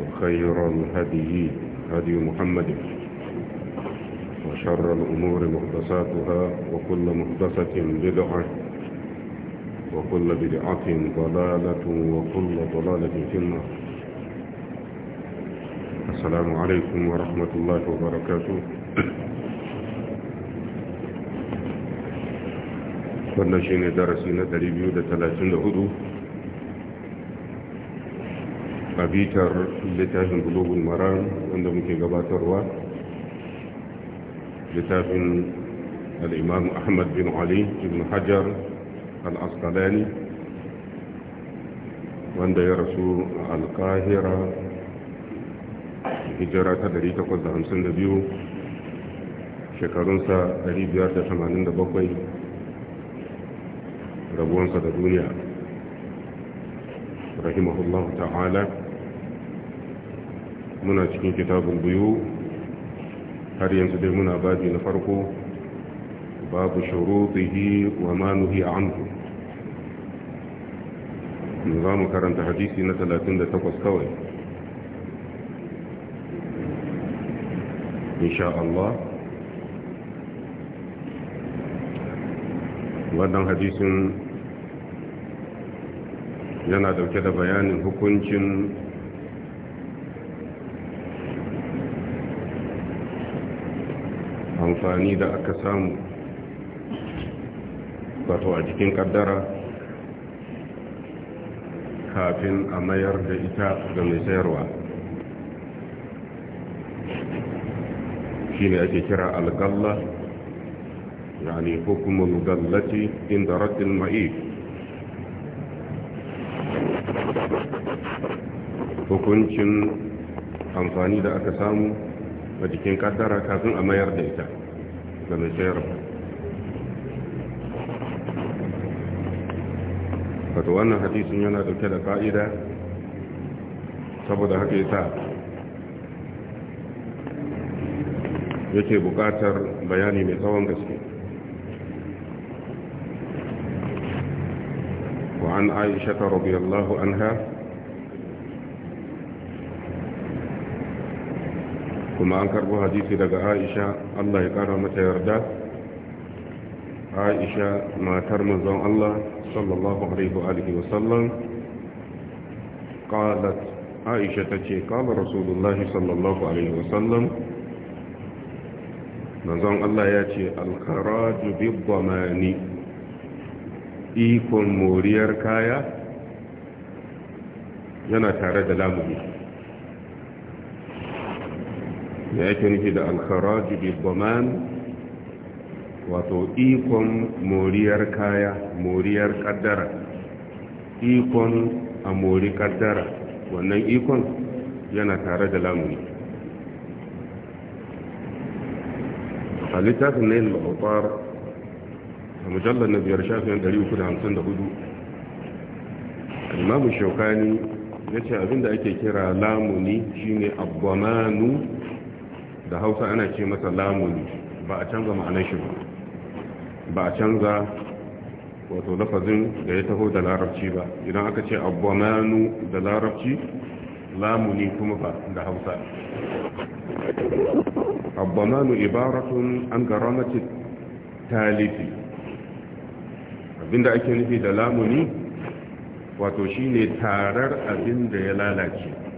وخير الهدي هدي محمد وشر الأمور محدثاتها وكل محدثة بدعة وكل بدعة ضلالة وكل ضلالة في النار السلام عليكم ورحمة الله وبركاته wannan shine darasi na هدو a bitar littafin global maran wanda muke gabatarwa littafin al'imam ahmad bin ali ibn hajar al'askalani wanda ya rasu a alkahira hijira ta 852 shekarunsa 587 rabuwansa da duniya rahimahullahu ta'ala muna cikin kitabun biyu har yanzu dai muna babi na farko babu shurutihi wa ma nuhi anhu za mu karanta hadisi na 38 kawai insha Allah wannan hadisin yana dauke da bayanin hukuncin amfani da aka samu wato a jikin kaddara kafin a mayar da ita ga mai sayarwa shi ne ake kira algalla yani hukumul gallaci, inda raddin ma'i hukuncin amfani da aka samu a jikin kaddara kafin a mayar da ita da mai sayarwa wato wannan hadisin yana dauke da fa'ida saboda haka yasa yake bukatar bayani mai tsawon gaske ta عائشة رضي an عنها kuma an karbo hadisi daga aisha allah ya kara mata yarda aisha matar manzon allah sallallahu alaihi wa wa sallam qalat aisha ta ce qala Rasulullah sallallahu alaihi wa sallam manzon allah ya ce al-kharaj bid ikon moriyar kaya yana tare da lamuni da yake nufi da alkharaju bi dhaman wato ikon moriyar kaya moriyar kaddara ikon a mori kaddara wannan ikon yana tare da lamuni a littafin na yin ma'aukwar a mujallar na biyar shafin 354 imamu shaukani ya ce abinda ake kira lamuni shine abbamanu da hausa ana ce masa lamuni ba a canza ma'anar shi ba a canza wato lafazin da ya taho da larabci ba idan aka ce abuwamanu da larabci lamuni kuma ba da hausa abuwamanu ibaratun an garamati talifi abinda ake nufi da lamuni wato shine tarar abin da ya lalace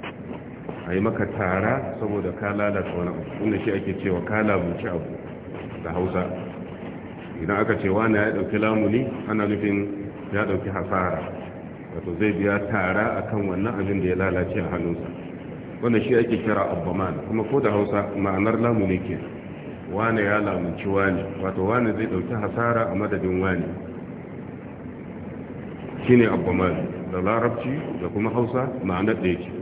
a yi maka tara saboda ka lalata wani abu inda shi ake cewa ka labuci abu da hausa idan aka ce wani ya ɗauki lamuni ana nufin ya ɗauki hasara wato zai biya tara akan wannan abin da ya lalace a hannunsa wanda shi ake kira abbaman kuma ko da hausa ma'anar lamuni ke wani ya lamunci wani wato wani zai ɗauki hasara a madadin wani shine abbaman da larabci da kuma hausa ma'anar da ce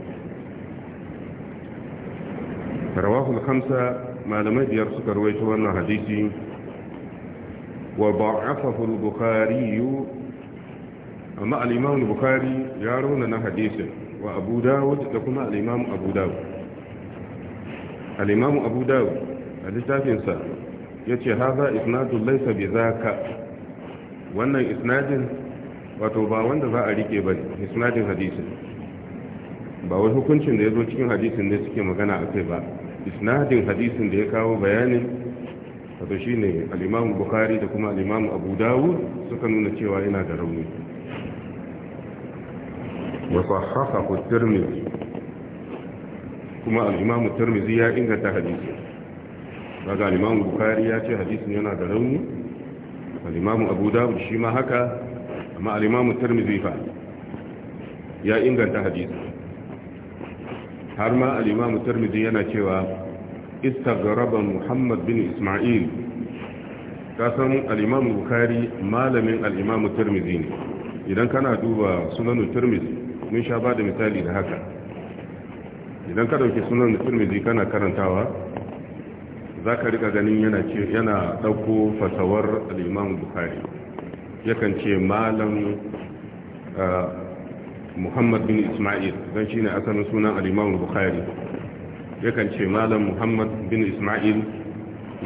rawahul hamsa malamai biyar suka rawaito wannan hadisi wa ba'afahu al-bukhari amma al-imam al-bukhari ya rawana na hadisi wa abu dawud da kuma al-imam abu dawud al-imam abu dawud a littafinsa yace haza isnadun laysa bi zaka wannan isnadin wato ba wanda za a rike ba isnadin hadisin ba wai hukuncin da ya zo cikin hadisin ne suke magana a ba isnadin hadisin da ya kawo bayanin wato shi ne imam Bukhari da kuma al Abu Dawud suka nuna cewa yana da rauni haka ku turmizi kuma alimamu turmizi ya inganta hadisin daga al-Imam Bukhari ya ce hadisin yana da rauni alimamu Abu Dawud shi ma haka amma alimamu turmizi fa ya inganta hadisin har ma al-imamu yana cewa istagraba muhammad bin isma'il kasan al-imamu bukhari malamin al-imamu ne idan kana duba sunanin tirmidhi mun sha bada misali da haka idan ka dauki sunanin tirmidhi kana karantawa za ka rika ganin yana ce yana dauko fatawar al-imamu bukhari yakan ce malam ah, muhammad bin isma'il don shi shine asalin sunan al-imam bukhari yakan ce malam muhammad bin isma'il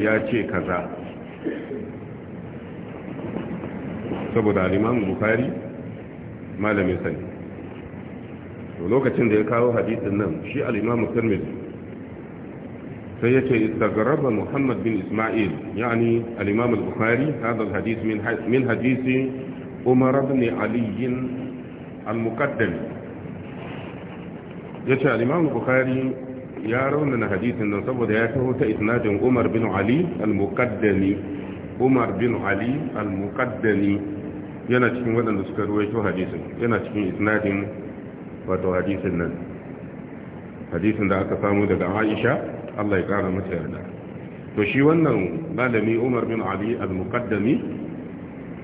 ya ce kaza saboda al-imam bukhari malamin sani to lokacin da ya kawo hadisin nan shi al-imam sai sai yace istagraba muhammad bin isma'il yani al-imam al-bukhari hadha min min hadisi umar ibn ali al-muqaddami yace al-imam bukhari ya raunana hadisin nan saboda ya taho ta isnadin umar bin ali al-muqaddami umar bin ali al-muqaddami yana cikin waɗanda suka ruwaito hadisin yana cikin isnadin wato hadisin nan hadisin da aka samu daga aisha Allah ya kara mata yarda to shi wannan malami umar bin ali al-muqaddami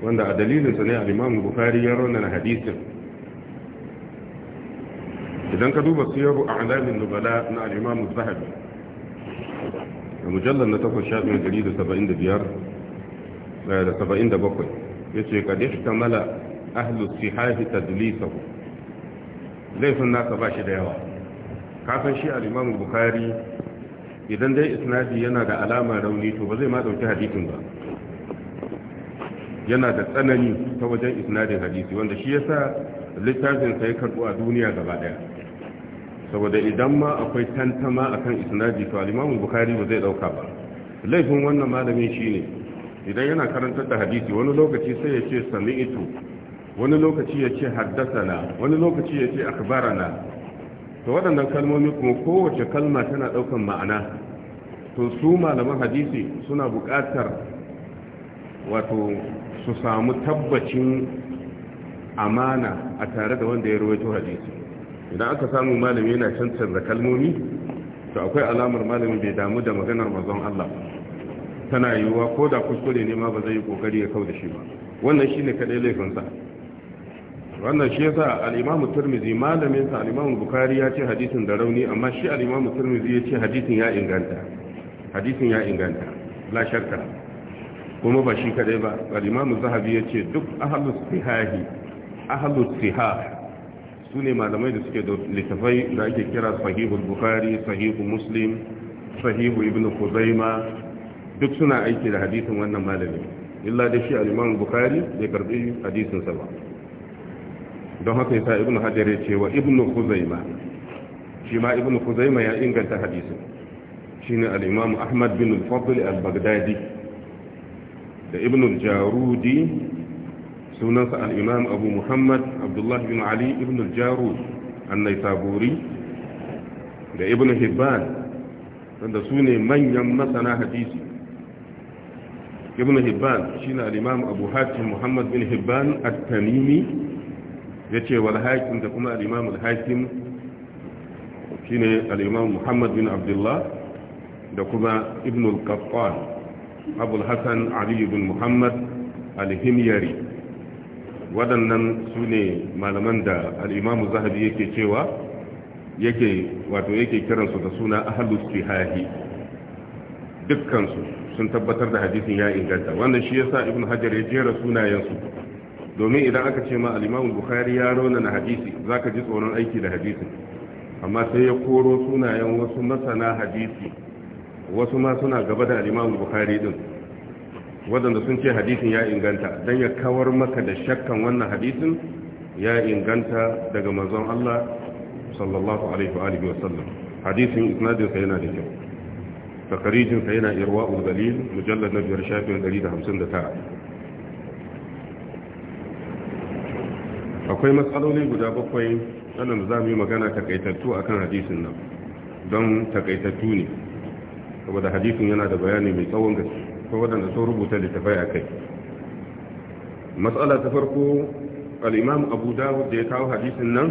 wanda a dalilinsa ne al-imam bukhari ya raunana hadisin idan ka duba siyaru a alamin nubala na al'imamu zahabi a mujallar na takwas shafin gari da saba'in da biyar eh, da saba'in da bakwai ya ce ka dashi ta mala ahalus sihahi ta dulisahu laifin nasa ba shi da yawa kafin shi al'imamu bukari idan dai isnadi yana da alama rauni to ba zai ma dauki hadisin ba yana da tsanani ta wajen isnadin hadisi wanda shi yasa littafin sai karbo a duniya gaba daya saboda idan ma akwai tantama akan isnadi to al buhari ba zai dauka ba laifin wannan malamin shine idan yana karantar da hadisi wani lokaci sai ya ce sami'tu wani lokaci ya ce haddathana wani lokaci ya ce akhbarana to waɗannan kalmomi kuma kowace kalma tana ɗaukan ma'ana to su malaman hadisi suna buƙatar wato su samu tabbacin amana a tare da wanda ya rawaito hadisi idan aka samu malami yana cancanza kalmomi to akwai alamar malami bai damu da maganar mazan Allah tana yiwuwa ko da kuskure ne ma ba zai yi kokari ya kau da shi ba wannan shi ne kaɗai laifinsa wannan shi yasa al'imamu turmizi malaminsa al'imamu bukari ya ce hadisin da rauni amma shi al'imamu turmizi ya ce hadisin ya inganta hadisin ya inganta la shakka kuma ba shi kaɗai ba al'imamu zahabi ya ce duk ahalus sihahi ahalus sihahi su ne malamai da suke da littafai da ake kira sahihu bukhari sahihu muslim sahihu ibn kuzaima duk suna aiki da hadisin wannan malami illa da shi al-imam bukhari karbi hadisin saba ba don haka yasa ibn hajar ya ce wa ibn kuzaima shi ma ibn kuzaima ya inganta hadisin shine al-imam ahmad bin al-fadl al-baghdadi da ibn jarudi sunansa al'imam abu muhammad abdullahi bin ali ibn al-jarus annai saburi da ibn hibban wanda su ne manyan masana hadisi ibn hibban shi na al'imam abu hatim muhammad bin hibban at-tamimi ya ce wal hakim da kuma al'imam al-hakim shi ne al'imam muhammad bin abdullah da kuma ibn al-qattan abu hassan ali bin muhammad al-himyari waɗannan su ne malaman da al'imamu zahabi yake cewa yake wato yake kiransu da suna ahalus haihi dukkansu sun tabbatar da hadisin ya inganta wannan shi yasa ibn hajar ya jera sunayensu domin idan aka ce ma al'imamu bukhari ya rauna na hadisi za ka ji tsoron aiki da hadisi amma sai ya koro sunayen wasu masana hadisi wasu ma suna gaba da al'imamu bukhari din waɗanda sun ce hadisin ya inganta don ya kawar maka da shakkan wannan hadisin ya inganta daga mazan Allah sallallahu alaihi wa alihi wasallam hadisin isnadinsa yana da kyau takarijinsa yana irwa ulgalil mujallar na biyar shafin 159 akwai matsaloli guda bakwai waɗanda za mu yi magana takaitattu akan hadisin nan don takaitattu ne saboda hadisin yana da bayani mai tsawon gaske akwai waɗanda sun rubuta littafai a kai matsala ta farko al'imam abu dawud da ya kawo hadisin nan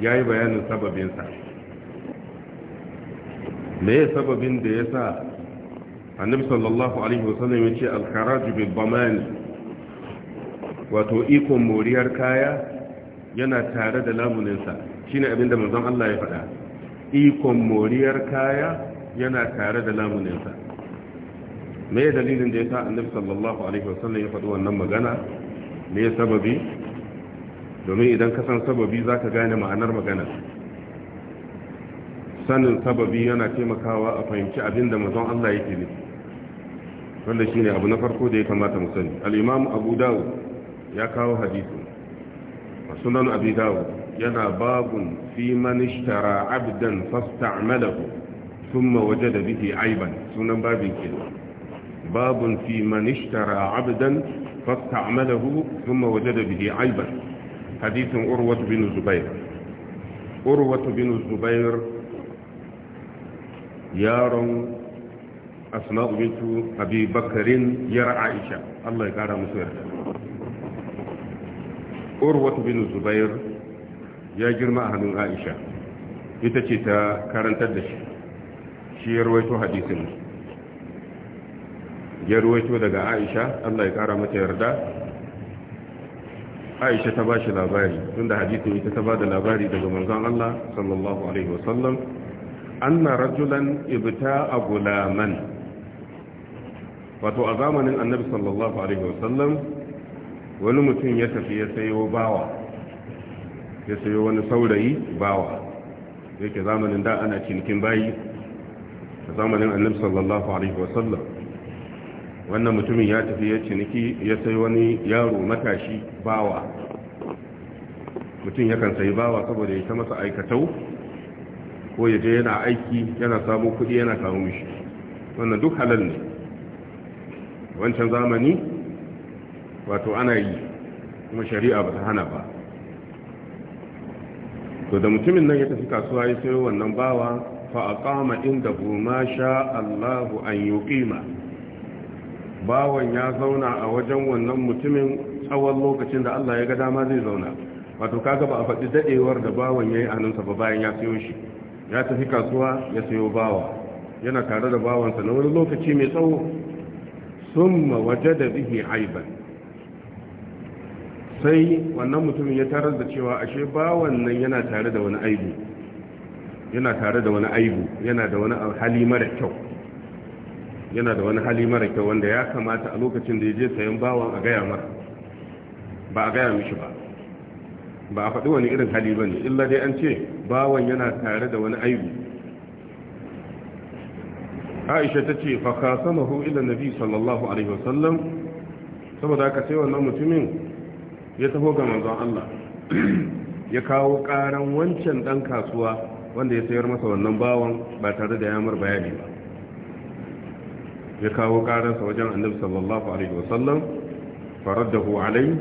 ya yi bayanin sababinsa me ya sababin da ya sa annabi sallallahu alaihi wasallam ya ce alkaraju bil bamani wato ikon moriyar kaya yana tare da lamuninsa shine abinda manzon Allah ya faɗa ikon moriyar kaya yana tare da lamuninsa me dalilin da ya sa annabi sallallahu alaihi wasallam ya faɗi wannan magana me ya sababi domin idan ka san sababi za ka gane ma'anar magana sanin sababi yana taimakawa a fahimci abinda da mazan Allah yake ne wanda shi ne abu na farko da ya kamata mu sani al'imam abu dawo ya kawo hadisu a sunan abu dawo yana babun fi manishtara abdan fasta'amalahu sun waje da bihi aiban sunan babin kenan باب في من اشترى عبدا فاستعمله ثم وجد به عيبا حديث أروة بن الزبير أروة بن الزبير يار أسماء بنت أبي بكر يرى عائشة الله يقارى مسير أروة بن الزبير يا جرم أهل عائشة يتشي تا كارنتدش شير ويتو حديث ya ruwaito daga aisha allah ya kara mata yarda aisha ta ba shi labari tunda hadisin ita ta ba da labari daga manzon allah sallallahu alaihi wasallam anna rajulan ibta a gulaman wato a zamanin annabi sallallahu alaihi wasallam wani mutum ya tafi ya sayo bawa ya sayo wani saurayi bawa yake zamanin da ana cinikin bayi a zamanin annabi sallallahu alaihi wasallam wannan mutumin ya tafi ya ciniki ya sai wani yaro matashi bawa mutum yakan sai bawa saboda ya ta masa aikatau ko ya je yana aiki yana samu kuɗi yana kawo mishi wannan duk halal ne wancan zamani wato ana yi kuma shari'a ba ta hana ba to da mutumin nan ya tafi kasuwa ya sayo wannan bawa fa aqama inda ma sha Allahu an yuqima bawan ya zauna a wajen wannan mutumin tsawon lokacin da Allah ya ga dama zai zauna wato kaga ba a faɗi daɗewar da bawan ya yayi hannunsa ba bayan ya sayo shi ya tafi kasuwa ya sayo bawa yana tare da bawansa na wani lokaci mai tsawo Sun ma waje da bihi aiban sai wannan mutumin ya tarar da cewa ashe bawan nan yana tare da wani aibu yana tare da wani aibu yana da wani hali mara kyau yana da wani hali mara kyau wanda ya kamata a lokacin da ya je sayan bawan a gaya mara ba a gaya mishi ba ba a faɗi wani irin hali ba ne illa dai an ce bawan yana tare da wani aibu aisha ta ce faka sama hu ila nabi sallallahu alaihi wasallam saboda aka sai wannan mutumin ya taho ga manzon Allah ya kawo ƙaran wancan ɗan kasuwa wanda ya sayar masa wannan bawan ba tare da yamar bayani ba ya kawo karansa wajen annabi sallallahu alaihi wasallam faraddahu alai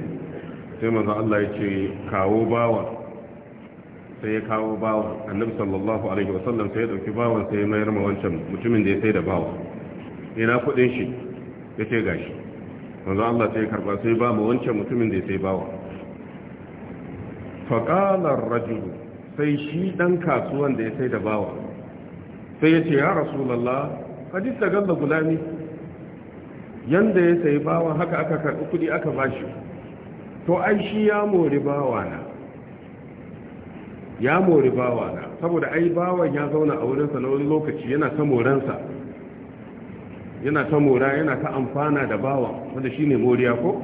sai manzo Allah ya ce kawo bawa sai ya kawo bawa annabi sallallahu alaihi wasallam sai ya dauki bawan sai ya mayar ma wancan mutumin da ya sai da bawa ina kudin shi yace gashi manzo Allah sai ya karba sai ba ma wancan mutumin da ya sai bawa faqala ar-rajul sai shi dan kasuwan da ya sai da bawa sai ya ce ya rasulullah hadis da galla gulami yanda ya sayi bawan haka aka karɓi kuɗi aka bashi to ai shi ya mori bawana ya mori bawana saboda ai bawan ya zauna a wurinsa na wani lokaci yana ta moransa yana ta mora yana ta amfana da bawan wanda shi ne moriya ko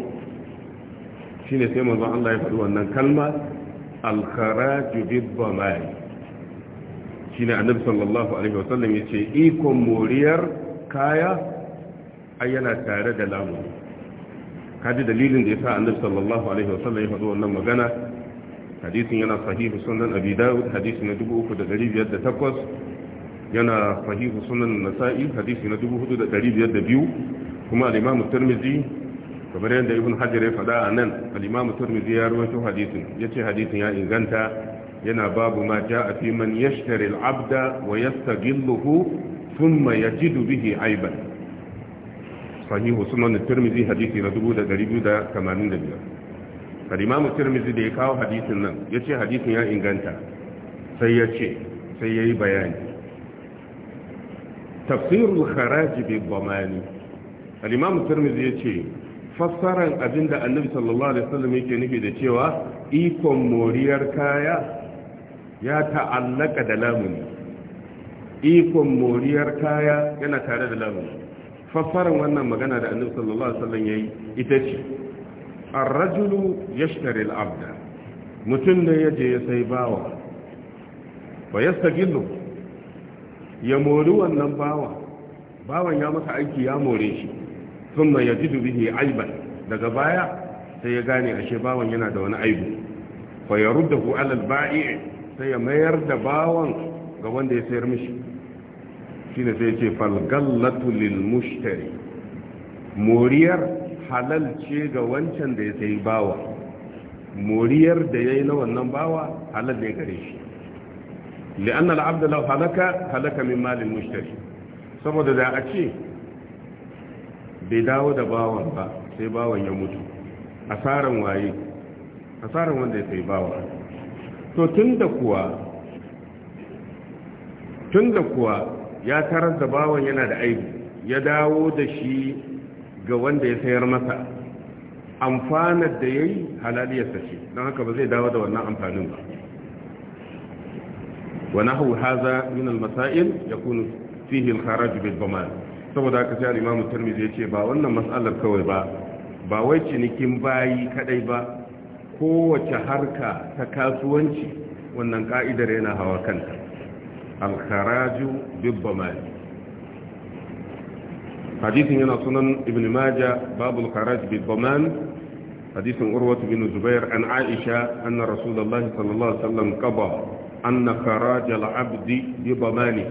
Shi ne sai mazan Allah ya faɗi wannan kalmar Alkara kharaju bid shine annabi sallallahu alaihi wasallam ce ikon moriyar kaya ai yana tare da lamu kaji dalilin da ya yasa annabi sallallahu alaihi wasallam ya faɗo wannan magana hadisin yana sahihu sunan abi dawud hadisi na 3508 yana sahihu sunan nasa'i hadisi na 4502 kuma al-imam tirmidhi kamar yadda ibn hajar ya faɗa a nan al-imam tirmidhi ya rawaito hadisin yace hadisin ya inganta yana babu ma a fi man yashtari al-abda wa yastaghilluhu thumma yajidu bihi aiban sahihu sunan tirmidhi hadisi na 2285 kalimamu tirmidhi da ya kawo hadisin nan yace hadisin ya inganta sai yace sai ya yi bayani tafsirul haraji bi dhamani al-imam tirmidhi yace fassaran abinda annabi sallallahu alaihi wasallam yake nufi da cewa ikon moriyar kaya ya ta'allaka da lamuni ikon moriyar kaya yana tare da lamuni Faffaran wannan magana da annabi sallallahu alaihi wasallam yayi ita ce ar-rajulu yashtari al-abda mutum ne yaje ya sai bawa fa yastagilu ya mori wannan bawa bawan ya masa aiki ya more shi thumma yajidu bihi aiban daga baya sai ya gane ashe bawan yana da wani aibu fa yaruddahu ala al-ba'i' sai ya mayar da bawan ga wanda ya sayar mishi shi ne sai ce falgallatu lil mushtari moriyar halal ce ga wancan da ya sayi bawa moriyar da ya yi na wannan bawa halal ne gare shi li'anna al'abdu halaka halaka min malin mushtari saboda da a ce bai dawo da bawan ba sai bawan ya mutu asaran waye asaran wanda ya sayi bawa to da kuwa da kuwa ya tarar da bawan yana da aiki ya dawo da shi ga wanda ya sayar masa amfanar da ya yi halaliyarsa ce don haka ba zai dawo da wannan amfanin ba wani hau haza min almasa'il ya kunu fihi jubil ba saboda haka sai al'imamu imam zai ya ce ba wannan matsalar kawai ba ba wai cinikin bayi kadai ba kowace harka ta kasuwanci wannan ka'idar yana hawa kanta alkharaju dubba mali hadisin yana sunan ibn majah babu alkharaj dubba mali hadisin urwatu bin zubair an aisha anna rasulullahi sallallahu alaihi wasallam qada anna kharaj al-abdi dubba mali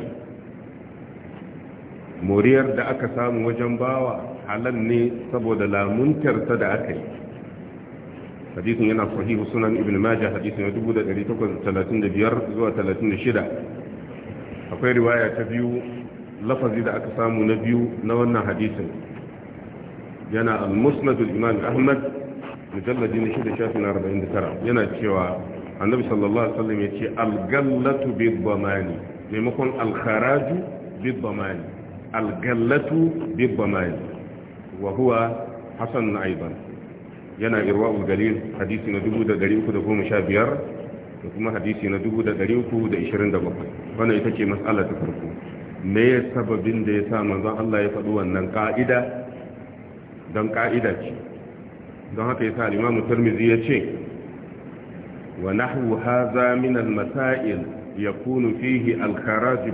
moriyar da aka samu wajen bawa halal ne saboda lamuntarsa da aka yi hadisin yana sahihu sunan ibn majah hadisin biyar zuwa talatin da shida akwai riwaya ta biyu lafazi da aka samu na biyu na wannan hadisin yana al-musnad al-imam ahmad mujalladi na arba'in da tara yana cewa annabi sallallahu alaihi wasallam ce al-gallatu bid bamani maimakon al-kharaju bid bamani al-gallatu bid bamani wa huwa hasan aidan yana irwa'ul galil hadisi na 315 da kuma hadisi na 327 wannan ita ce mas'ala ta farko me ya sababin da ya sa manzon Allah ya faɗi wannan ka'ida don ka'ida ce don haka yasa al-Imam Tirmidhi ya ce wa nahwu hadha min al-masail yakunu fihi al-kharaj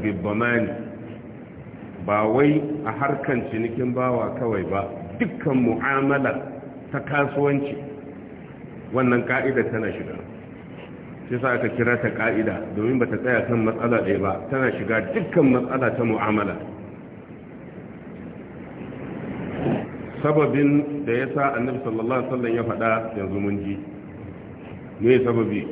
ba wai a harkan cinikin bawa kawai ba dukkan mu'amalar. ta kasuwanci wannan ka'ida tana shiga shi sa aka kira ta ka'ida domin ba ta tsaya kan matsala ɗaya ba tana shiga dukkan matsala ta mu'amala sababin da ya sa annabi sallallahu alaihi wasallam ya faɗa yanzu mun ji ne sababi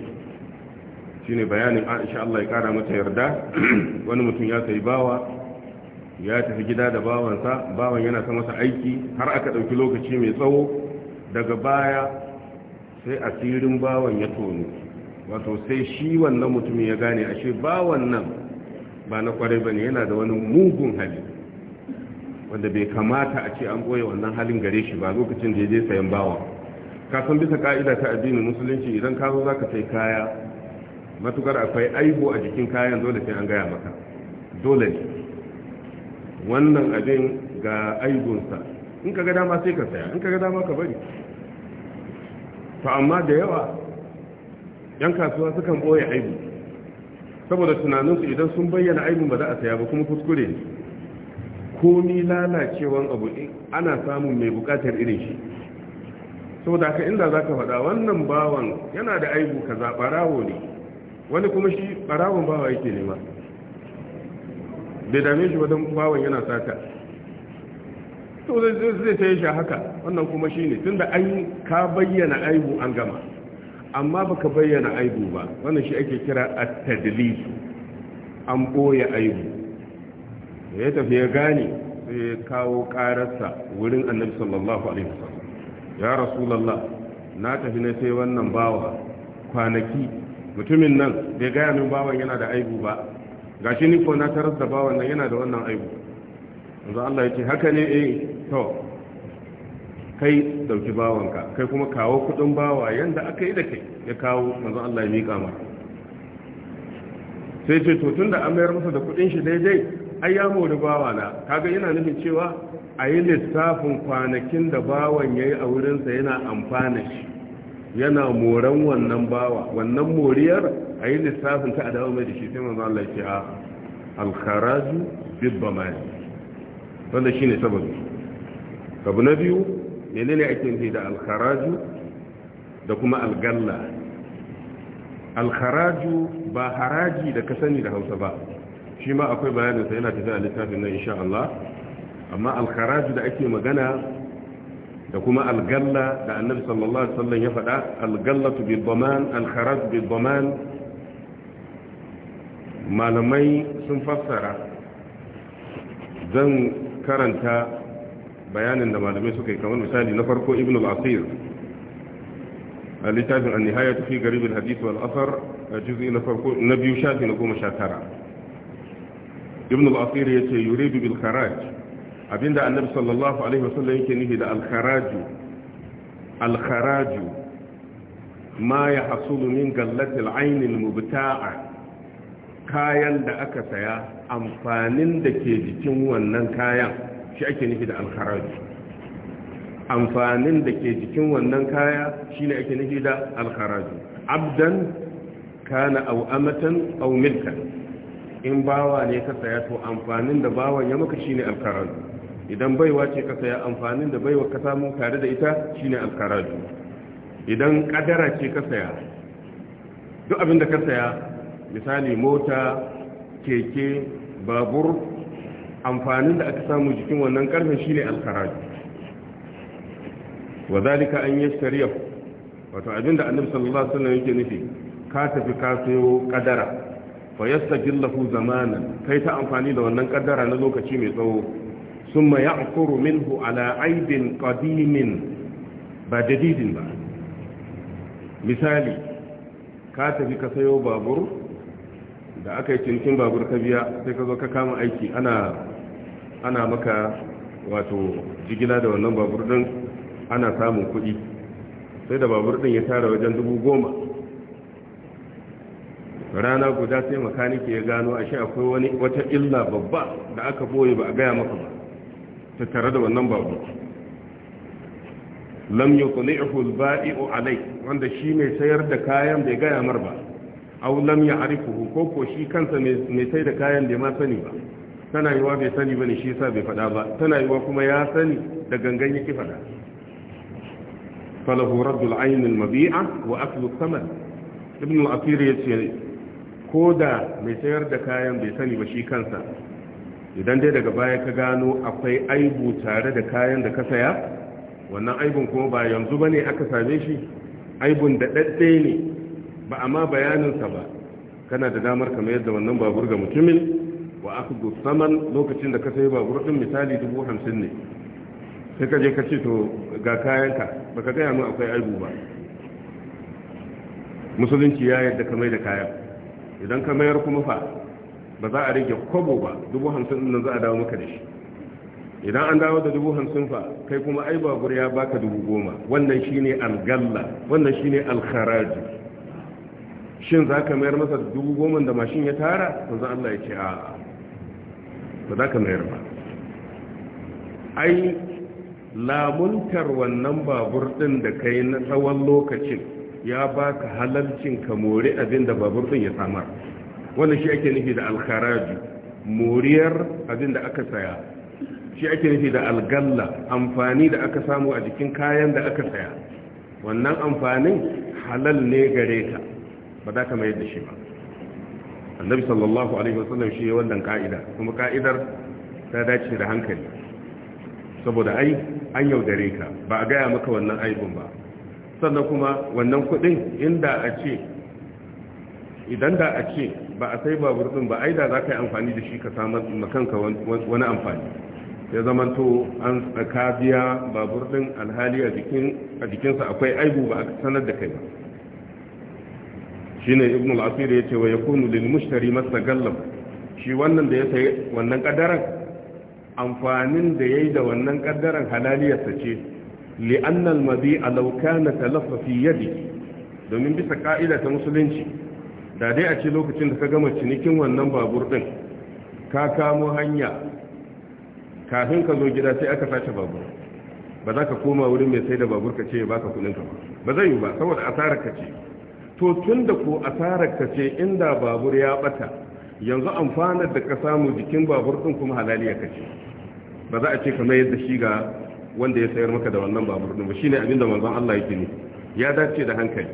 shine bayanin Aisha Allah ya kara mata yarda wani mutum ya sayi bawa ya tafi gida da bawansa bawan yana ta masa aiki har aka ɗauki lokaci mai tsawo daga baya sai asirin bawan ya tono wato sai shi wannan mutumin ya gane ashe bawan nan ba na kwarai ba ne yana da wani mugun hali wanda bai kamata a ce an boye wannan halin gare shi ba lokacin da ya je sayan bawa kasan bisa ka'ida ta addinin musulunci idan ka zo za sai kaya matukar akwai aibo a jikin kayan dole sai an gaya maka dole ne wannan abin ga aibonsa in ka ga dama sai ka saya in ka ga dama ka bari to amma da yawa yan kasuwa sukan boye aibu saboda tunaninsu idan sun bayyana aibu ba za a saya ba kuma kuskure ne komi lalacewan abu eh, ana samun mai bukatar irin shi saboda haka inda za ka faɗa wannan bawan yana da aibu kaza ɓarawo ne wani kuma shi ɓarawon bawa yake nema bai dame shi wajen bawan yana sata to zai yi shi haka wannan kuma shi tun tunda an ka bayyana aibu an gama amma baka bayyana aibu ba wannan shi ake kira a tadilisu an boye aibu ya tafi ya gane sai ya kawo kararsa wurin annabi sallallahu alaihi wasallam ya rasulullah na tafi na sai wannan bawa kwanaki mutumin nan bai gaya min bawan yana da aibu ba ga ni ko na tarar da bawan nan yana da wannan aibu yanzu Allah ya ce haka ne eh to kai dauki bawanka kai kuma kawo kudin bawa yanda aka yi da kai ya kawo manzon Allah ya mika ma sai ce to tunda an mayar masa da kudin shi daidai ai ya mori bawa na kaga yana nufin cewa a yi lissafin kwanakin da bawan yayi a wurinsa yana amfana shi yana moran wannan bawa wannan moriyar a yi lissafin ta a dawo mai da shi sai manzon Allah ya ce a alkharaju bibba mali wanda shine sababi abu na biyu menene ake nufi da alkharaju da kuma algalla alkharaju ba haraji da ka sani da hausa ba shi ma akwai bayaninsa yana tafiya a littafin nan insha Allah amma alkharaju da ake magana da kuma algalla da annabi sallallahu alaihi wasallam ya faɗa algallatu bil daman alkharaju bil daman malamai sun fassara zan karanta bayanin da malamai suka yi kamar misali na farko ibn al-asir a littafin an nihaya tafi garibin hadith al asar a juzi na farko na biyu shafi na goma sha tara ibn al-asir ya ce yuridu bil karaj abinda annabi sallallahu alaihi wasallam yake nihi da al karaju al kharaj ma ya hasulu min gallati al ayn al mubta'a kayan da aka saya amfanin da ke jikin wannan kayan shi ake nufi da alharaj amfanin da ke jikin wannan kaya shi ne ake nufi da alharaj abdan kana au amatan au milkan in bawa ne ka saya to amfanin da bawan ya maka shi ne alharaj idan baiwa ce ka saya amfanin da baiwa ka samu tare da ita shi ne alharaj idan kadara ce ka saya duk abin da ka saya misali mota keke babur amfanin da aka samu jikin wannan karfe shine alkaraji wa zalika an yashtariya wato abinda annabi sallallahu alaihi wasallam yake nufi ka tafi ka sayo kadara fa yastajillahu zamanan kai ta amfani da wannan kadara na lokaci mai tsawo summa ya'kuru minhu ala aibin qadimin ba jadidin ba misali ka tafi ka sayo babur da aka yi cinikin babur ka biya sai ka zo ka kama aiki ana ana maka wato jigila da wannan babur din ana samun kuɗi sai da babur din ya tara wajen dubu goma rana guda sai makaniki ya gano a shi akwai wani wata illa babba da aka boye ba a gaya maka ba ta tare da wannan babur lam yuqli'hu al o alai wanda shi mai sayar da kayan bai gaya mar ba aw lam arifu ko ko shi kansa mai sai da kayan bai ma sani ba tana yiwa bai sani bane shi yasa bai faɗa ba tana yiwa kuma ya sani da gangan yake faɗa falahu raddul ayn al mabi'a wa aklu thaman ibn al asir yace ko da mai sayar da kayan bai sani ba shi kansa idan dai daga baya ka gano akwai aibu tare da kayan da ka saya wannan aibun kuma ba yanzu bane aka same shi aibun da dadde ne ba amma bayaninsa ba kana da damar ka mayar da wannan babur ga mutumin wa aka saman lokacin da ka sayi babur din misali dubu hamsin ne sai ka je ka ce to ga kayanka ba ka gaya mu akwai aibu ba musulunci ya yadda ka mai da kayan idan ka mayar kuma fa ba za a rage kwabo ba dubu hamsin din nan za a dawo maka da shi idan an dawo da dubu hamsin fa kai kuma ai babur ya baka dubu goma wannan shine algalla wannan shine alkharaji shin za ka mayar masa dubu goma da mashin ya tara? za Allah ya ce a'a ba za ka mayar ba ai lamuntar wannan babur ɗin da ka yi na tsawon lokacin ya ba ka halalcin ka mori abin da babur ɗin ya samar wanda shi ake nufi da alkharaju moriyar abin da aka saya shi ake nufi da algalla amfani da aka samu a jikin kayan da aka saya wannan amfanin halal ne gare ka ba za ka mayar da shi ba annabi sallallahu alaihi wasallam shi wannan ka'ida kuma ka'idar ta dace da hankali saboda ai an yaudare ka ba a gaya maka wannan aibun ba sannan kuma wannan kudin inda a ce idan da a ce ba a sai babur din ba ai da za ka yi amfani da shi ka samar makanka wani amfani ya zamanto an ka biya babur din alhali a jikinsa akwai aibu ba a sanar da kai ba shine ibn al-asir yace wa yakunu lil mushtari masagallam shi wannan da ya sayi wannan kaddaran amfanin da yayi da wannan kaddaran halaliyarsa ce anna al-mabi'a law kana talaffa fi yadi domin bisa ka'ida ta musulunci da dai a ce lokacin da ka gama cinikin wannan babur din ka kamo hanya kafin ka zo gida sai aka sace babur ba za ka koma wurin mai sai da babur ka ce ya baka kudin ka ba zai yi ba saboda asarar ka ce to tun da ko asarar ka ce inda babur ya bata yanzu amfanar da ka samu jikin babur din kuma halaliya ka ce ba za a ce kamar yadda shi ga wanda ya sayar maka da wannan babur din ba shine abinda manzon Allah yake ne ya dace da hankali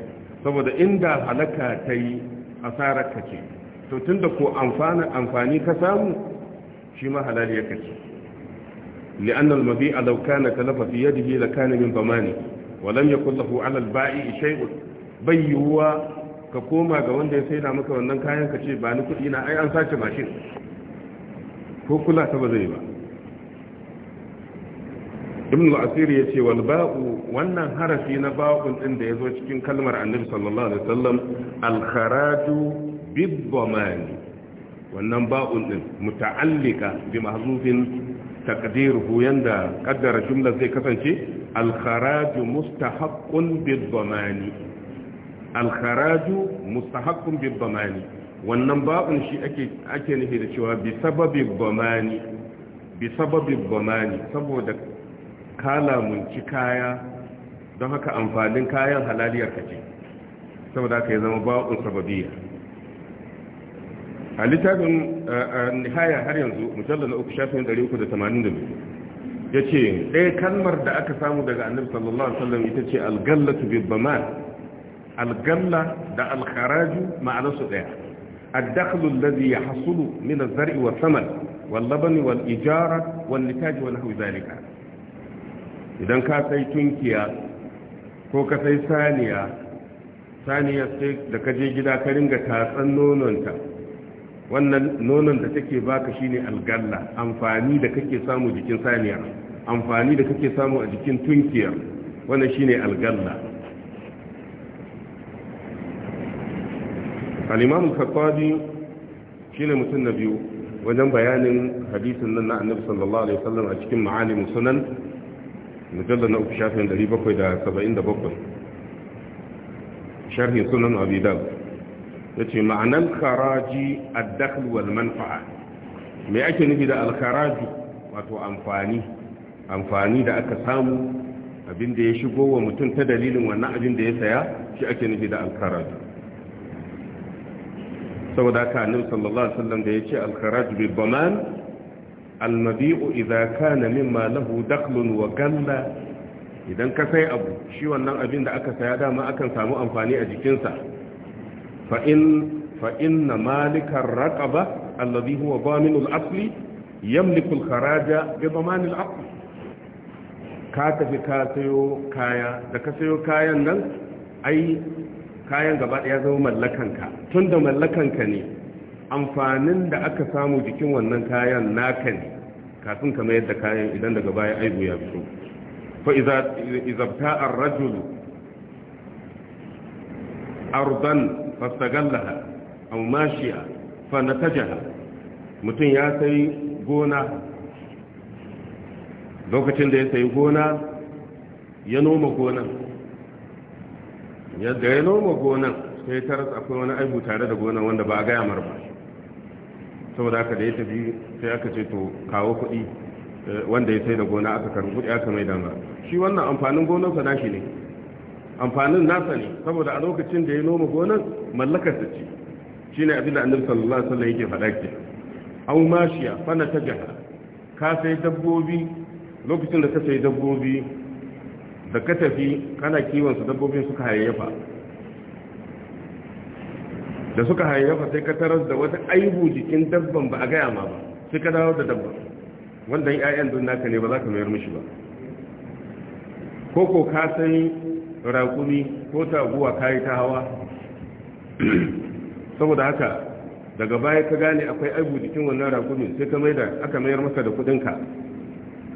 saboda inda halaka ta yi asarar ka ce to tun da ko amfana amfani ka samu shi ma halaliya ka ce لأن المبيع لو كان تلف في يده لكان من ضمانه ولم يكن له على البائع شيء bai yiwuwa ka koma ga wanda ya sai na maka wannan kayan ka ce ba ni kuɗi na ai an sace mashin ko kula ta ba zai ba ibn al-asir ce wal ba'u wannan harafi na ba'un din da yazo cikin kalmar annabi sallallahu alaihi wasallam al-kharaju bid-dhaman wannan ba'un din muta'allika bi mahzufin taqdiruhu yanda qaddara jumla zai kasance al-kharaju mustahaqqun bid-dhaman alkharaju mustahaqqun bil bamani wannan babun shi ake ake nufi da cewa bi sababi bamani bi sababi bamani saboda kalamunci kaya don haka amfanin kayan halaliyar ce saboda haka ya zama babun sababiyya a littafin nihaya har yanzu mujallar na uku shafin 382 ya ce ɗaya kalmar da aka samu daga annabi sallallahu alaihi wasallam ita ce algallatu bamani. algalla da alkharaju ma'anarsu daya الدخل الذي يحصل من الزرع والثمن واللبن والإجارة والنتاج ونحو Idan ka sai tunkiya ko ka sai saniya saniya sai da ka je gida ka ringa tatsan nononta wannan nonon da take baka shine algalla amfani da kake samu jikin saniya amfani da kake samu a jikin tunkiyar wannan shine algalla al'imamun kakwabi shi ne mutum na biyu wajen bayanin hadisin nan na annabi sallallahu alaihi wasallam a cikin ma'alimin sunan mujallar na uku shafin 777 sharhin sunan abidal ya ce ma'anan karaji a dakhluwal manfa'a mai ake nufi da alkaraju wato amfani amfani da aka samu abin da ya shigo wa mutum ta dalilin wannan abin da ya saya shi ake nufi da alkaraju saboda haka annabi sallallahu alaihi wasallam da yace al-kharaj bi baman al-mabi'u idza kana mimma lahu dakhlun wa galla idan ka sai abu shi wannan abin da aka saya dama akan samu amfani a jikinsa fa in fa inna malika raqaba alladhi huwa bamin al-asli yamliku al-kharaja bi baman al-aql ka tafi ka sayo kaya da ka sayo kayan nan ai kayan gaba ya zama mallakanka tun da mallakanka ne amfanin da aka samu jikin wannan kayan naka ne kafin ka mayar da kayan idan daga baya aibu ya fito fa izabta ar-rajulu ardan fastagallaha aw mashiya fa natajaha mutum ya sai gona lokacin da ya sai gona ya noma gonan yadda ya noma gonan sai ta rasa akwai wani aibu tare da gonan wanda ba a gaya mar ba saboda haka da ya tafi sai aka ce to kawo kuɗi eh, wanda ya sai da gona aka karbi kuɗi aka mai dama shi wannan amfanin ka nashi ne amfanin nasa ne saboda a lokacin da ya noma gonan mallakar ta ce ne abin da annabi sallallahu alaihi wasallam yake faɗa ke aw mashiya fana tajaha ka sai dabbobi lokacin da ka sai dabbobi da ka tafi kana kiwon su dabbobin suka hayayyafa da suka hayayyafa sai ka taras da wata aibu jikin dabban ba a gaya ma ba sai ka dawo da dabban wanda ya'yan don naka ne ba za ka mayar mishi ba ko ko ka sai raƙumi ko taguwa kayi ta hawa saboda haka daga baya ka gane akwai aibu jikin wannan raƙumin sai ka da aka mayar masa da kudinka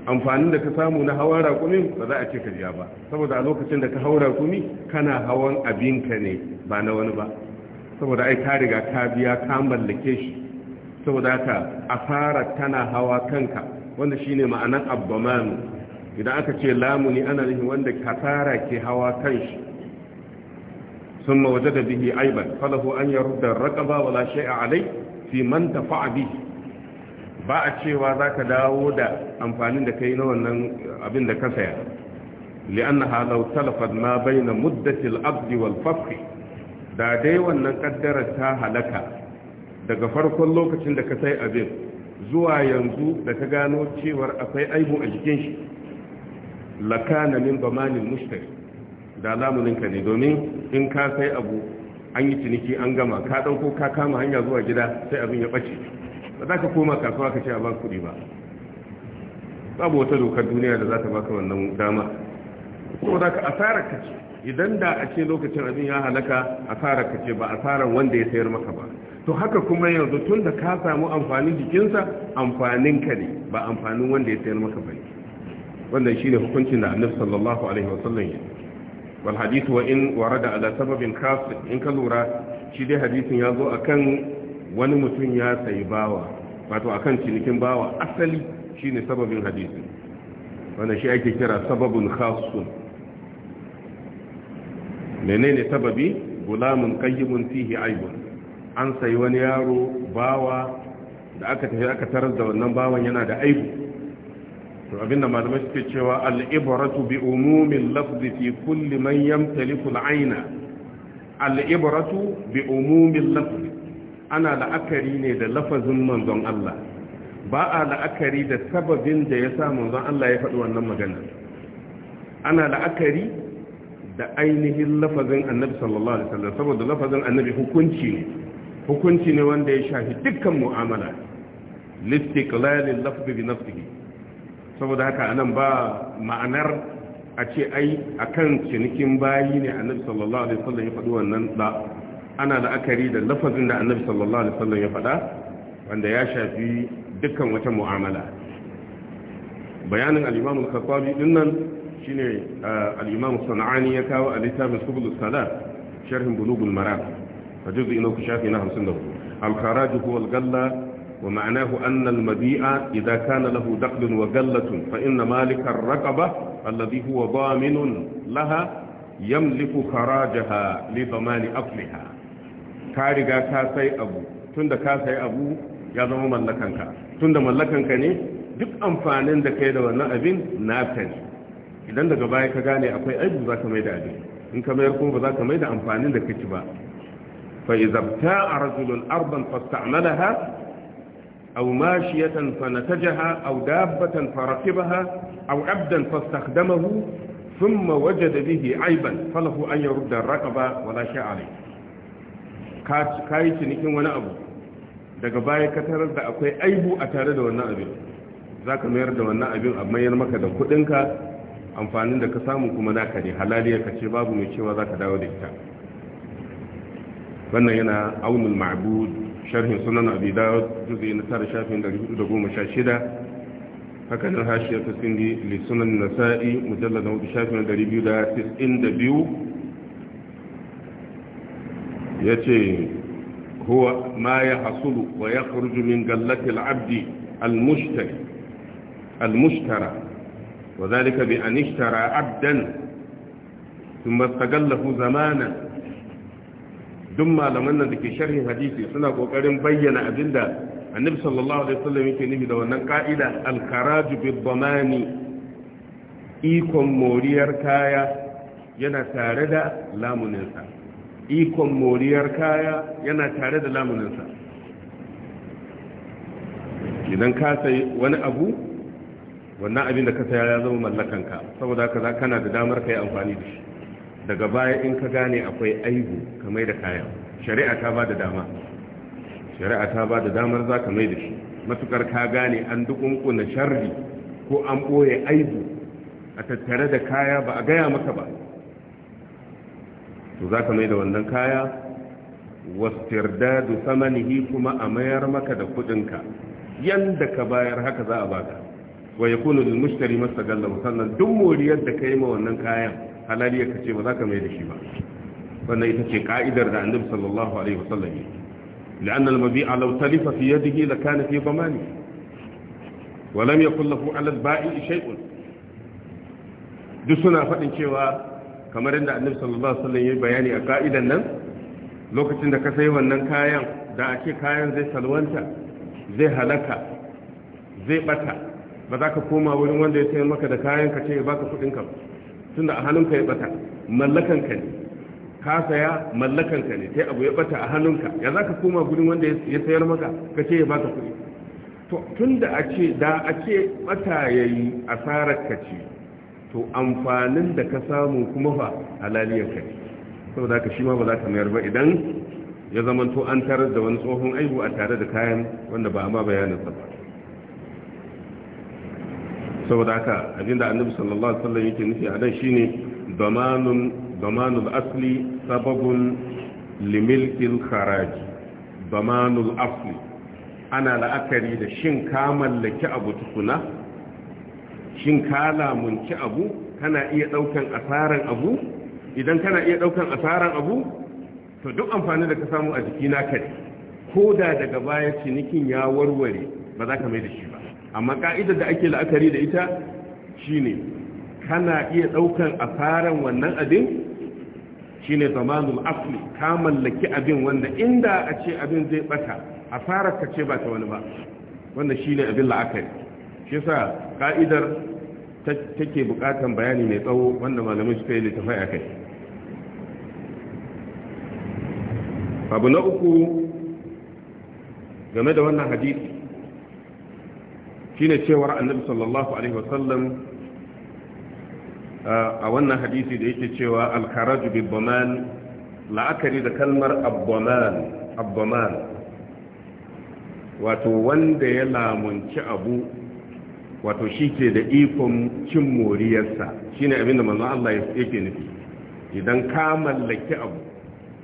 amfanin da ka samu na hawan rakumin ba za a ce ka biya ba saboda a lokacin da ka hau rakumi kana hawan abinka ne ba na wani ba saboda ai ka riga ka biya ka mallake shi saboda ka asara tana hawa kanka wanda shine ma'anar abbamanu idan aka ce lamuni ana nufin wanda kasara ke hawa kan kanshi ثم da bihi عيبا falahu أن يرد الرقبة ولا شيء alai في من دفع bihi. ba a cewa za ka dawo da amfanin da ka yi na wannan abin da ka saya li'annaha law talafat ma bai na wal da dai wannan kaddarar ta halaka daga farkon lokacin da ka sai abin zuwa yanzu da ka gano cewar akwai aibu a jikin shi lakana min bamanin mushtari da lamuninka ne domin in ka sai abu an yi ciniki an gama ka ɗauko ka kama hanya zuwa gida sai abin ya bace ba za ka koma kasuwa ka ce a ba kuɗi ba babu wata dokar duniya da za ta baka wannan dama za ka asara ka ce idan da a ce lokacin abin ya halaka asara ka ce ba asaran wanda ya sayar maka ba to haka kuma yanzu tun da ka samu amfanin jikinsa amfanin ka ne ba amfanin wanda ya sayar maka ba wannan shi ne hukuncin da annabi sallallahu alaihi wasallam ya wal hadithu wa in warada ala sababin khas in ka lura shi dai hadisin ya zo akan wani mutum ya sayi bawa wato akan cinikin bawa asali shine sababin hadisi wanda shi ake kira sababun khassun menene sababi gulamun qayyimun fihi aibun an sayi wani yaro bawa da aka tafi aka tarar da wannan bawan yana da aibu to abinda malamai suke cewa al-ibratu bi umumin lafzi fi kulli man yamtaliku al-aina al-ibratu bi umumin lafzi ana la'akari ne da lafazin manzon Allah ba a la'akari da sababin da ya sa manzon Allah ya faɗi wannan magana ana la'akari da ainihin lafazin annabi sallallahu alaihi wasallam saboda lafazin annabi hukunci ne hukunci ne wanda ya shafi dukkan mu'amala listiqlalil lafzi bi nafsihi saboda haka anan ba ma'anar a ce ai akan cinikin bayi ne annabi sallallahu alaihi wasallam ya faɗi wannan la ana la'akari da lafazin da annabi sallallahu alaihi wasallam ya faɗa wanda ya shafi dukkan wata mu'amala bayanin al-imam al-khattabi dinnan shine uh, al-imam sanani ya kawo a littafin subul salat sharhin bulugul maram a ina ku shafi na 54 al-kharaj huwa al-galla kana lahu المبيع wa كان له fa وقلة فإن مالك الرقبة الذي هو ضامن لها يملك خراجها لضمان أصلها ka riga ka sai abu da ka sai abu ya zama mallakanka da mallakanka ne duk amfanin da kai da wannan abin na ne idan daga baya ka gane akwai aibu za ka mai da abin in ka mayar kuma ba za ka mai da amfanin da kaci ba fa izabta a rajulun arban fasta'malaha au mashiyatan fanatajaha au dabbatan farakibaha au abdan fastakhdamahu thumma wajada bihi aiban falahu an yurda raqaba wala sha'a ka yi cinikin wani abu daga baya ka tarar da akwai aibu a tare da wannan abin za ka mayar da wannan abin a mayar maka da kudinka amfanin da ka samu kuma ka ne halaliya ka ce babu mai cewa za ka dawo da ita wannan yana aunin ma'abu sharhin sunan abu dawud juz'i na tara shafin da 416 haka nan hashiyar ta sindi li sunan nasa'i mujallar na hudu shafin da da ya ce huwa ma ya hasulu wa ya kurju min gallatil abdi al-mushtara wa zalika bi an ishtara abdan ثم استغله zamana duk malaman nan da ke sharhin hadisi suna kokarin bayyana abinda annabi sallallahu alaihi wasallam yake nufi da wannan ka'ida al karaju bid ikon moriyar kaya yana tare da lamuninsa ikon moriyar kaya yana tare da lamuninsa idan ka sayi wani abu wannan abin da ka saya ya zama mallakanka saboda haka za kana da damar ka yi amfani da shi daga baya in ka gane akwai aibu ka mai da kaya shari'a ta ba da dama shari'a ta ba da damar za ka mai da shi matukar ka gane an na sharri ko an ɓoye aibu a tattare da kaya ba a gaya maka ba to za ka mai da wannan kaya da samanihi kuma a mayar maka da kudinka yanda ka bayar haka za a baka wa yakunu lil mushtari mastaqallan sannan duk moriyar da yi ma wannan kayan halali ka ce ba za ka mai da shi ba wannan ita ce ka'idar da annabi sallallahu alaihi wasallam ya لأن المبيع لو تلف في يده لكان في ضمانه ولم يكن له على البائع شيء duk suna faɗin cewa kamar yadda annabi sallallahu alaihi wasallam yayi bayani a ka'idan nan lokacin da ka sai wannan kayan da a ce kayan zai salwanta zai halaka zai bata ba za ka koma wurin wanda ya sayar maka da kayan ka ce ya baka kudin ka tunda a hannunka ya bata mallakan ka ne ka saya mallakan ka ne sai abu ya bata a hannunka ya za ka koma gurin wanda ya sayar maka ka ce ya baka kudi to tunda a ce da a ce bata yayi asarar ka ce to amfanin da ka samu kuma fa halaliyar ka saboda haka shi ma ba za ka mayar ba idan ya zamanto an tarar da wani tsohon aibu a tare da kayan wanda ba a ma bayanin ba saboda haka abinda annabi sallallahu alaihi wasallam yake nufi a nan shine damanun damanul asli sababun limilkil kharaj damanul asli ana la'akari da shin ka mallaki abu tukuna shin ka lamunci abu kana iya daukan asaran abu idan kana iya daukan asaran abu to duk amfani da ka samu a jiki na kai ko da daga baya cinikin ya warware ba za ka mai da shi ba amma ka'idar da ake la'akari da ita shine kana iya daukan asaran wannan abin shine zamanul asli ka mallaki abin wanda inda a ce abin zai bata asarar ka ce ba ta wani ba wannan shine abin la'akari shi sa ka'idar take bukatan bayani mai tsawo wanda malamin suka yi littafai a kai abu na uku game da wannan hadisi shine cewar annabi sallallahu alaihi wasallam a wannan hadisi da yake cewa alkaraju bibbaman la'akari da kalmar abbaman abbaman wato wanda ya lamunci abu wato shi ke da ikon cin moriyarsa shi ne abinda manzo Allah ya ke nufi idan ka mallaki abu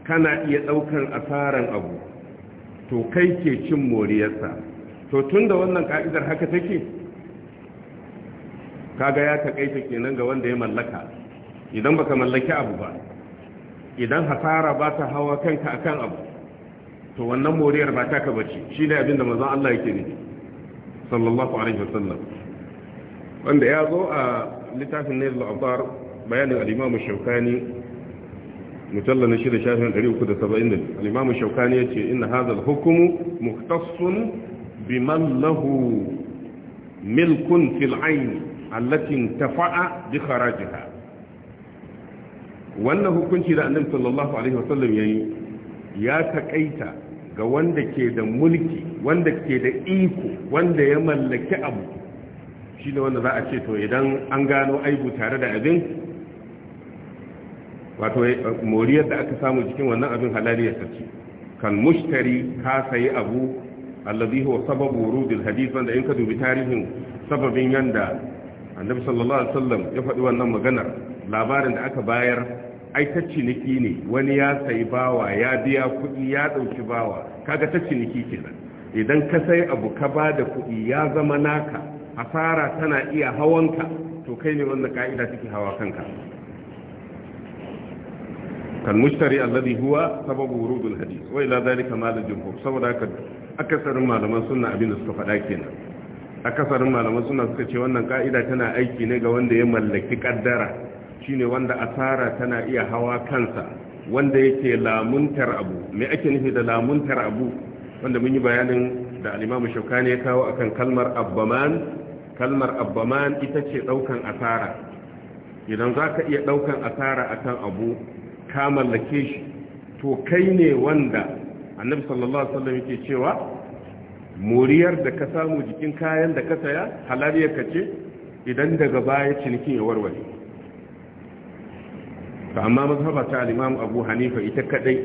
kana iya ɗaukar asaran abu to kai ke cin moriyarsa to tun da wannan ka'idar haka take kaga ya takaita kenan ga wanda ya mallaka idan baka mallaki abu ba idan hasara ba ta hawa kanka akan abu to wannan moriyar ba ta ka bace shi ne abinda manzo Allah yake nufi sallallahu alaihi wasallam wanda ya zo a littafin nail al bayanin al-imam shaukani mujallal na shirin shafin 370 al-imam shaukani yace inna hadha al-hukmu muhtassun bimallahu lahu milkun fil ayn allati intafa'a bi kharajiha wannan hukunci da annabi sallallahu alaihi wasallam yayi ya takaita ga wanda ke da mulki wanda ke da iko wanda ya mallaki abu shi ne wanda za a ce to idan an gano aibu tare da abin wato eh, moriyar da aka samu cikin wannan abin ya ce kan mushtari ka sayi abu allazi huwa sababu wurudil hadith wanda in ka dubi tarihin sababin yanda annabi sallallahu alaihi wasallam ya faɗi wannan maganar labarin da aka bayar ai ta ciniki ne wani ya sayi bawa ya biya kuɗi ya ɗauki bawa kaga ta ciniki kenan idan ka sai abu ka ba da kuɗi ya zama naka Asara tana iya hawanka to kai ne wanda ka'ida take hawa kanka kan mushtari alladhi huwa sababu wurudul hadith wa ila dalika mal jumhur saboda haka akasarin malaman sunna abin da suka faɗa kenan akasarin malaman sunna suka ce wannan ka'ida tana aiki ne ga wanda ya mallaki kaddara shine wanda asara tana iya hawa kansa wanda yake lamuntar abu me ake nufi da lamuntar abu wanda mun yi bayanin da al-Imam Shawkani ya kawo akan kalmar abbaman kalmar abbaman ita ce daukan asara idan za ka iya daukan asara akan abu ka mallake shi to kai ne wanda annabi sallallahu alaihi wasallam yake cewa muriyar da ka samu jikin kayan da ka saya halaliyar ka ce idan daga baya cinikin ya warware amma mazhaba ta al-imam abu hanifa ita kadai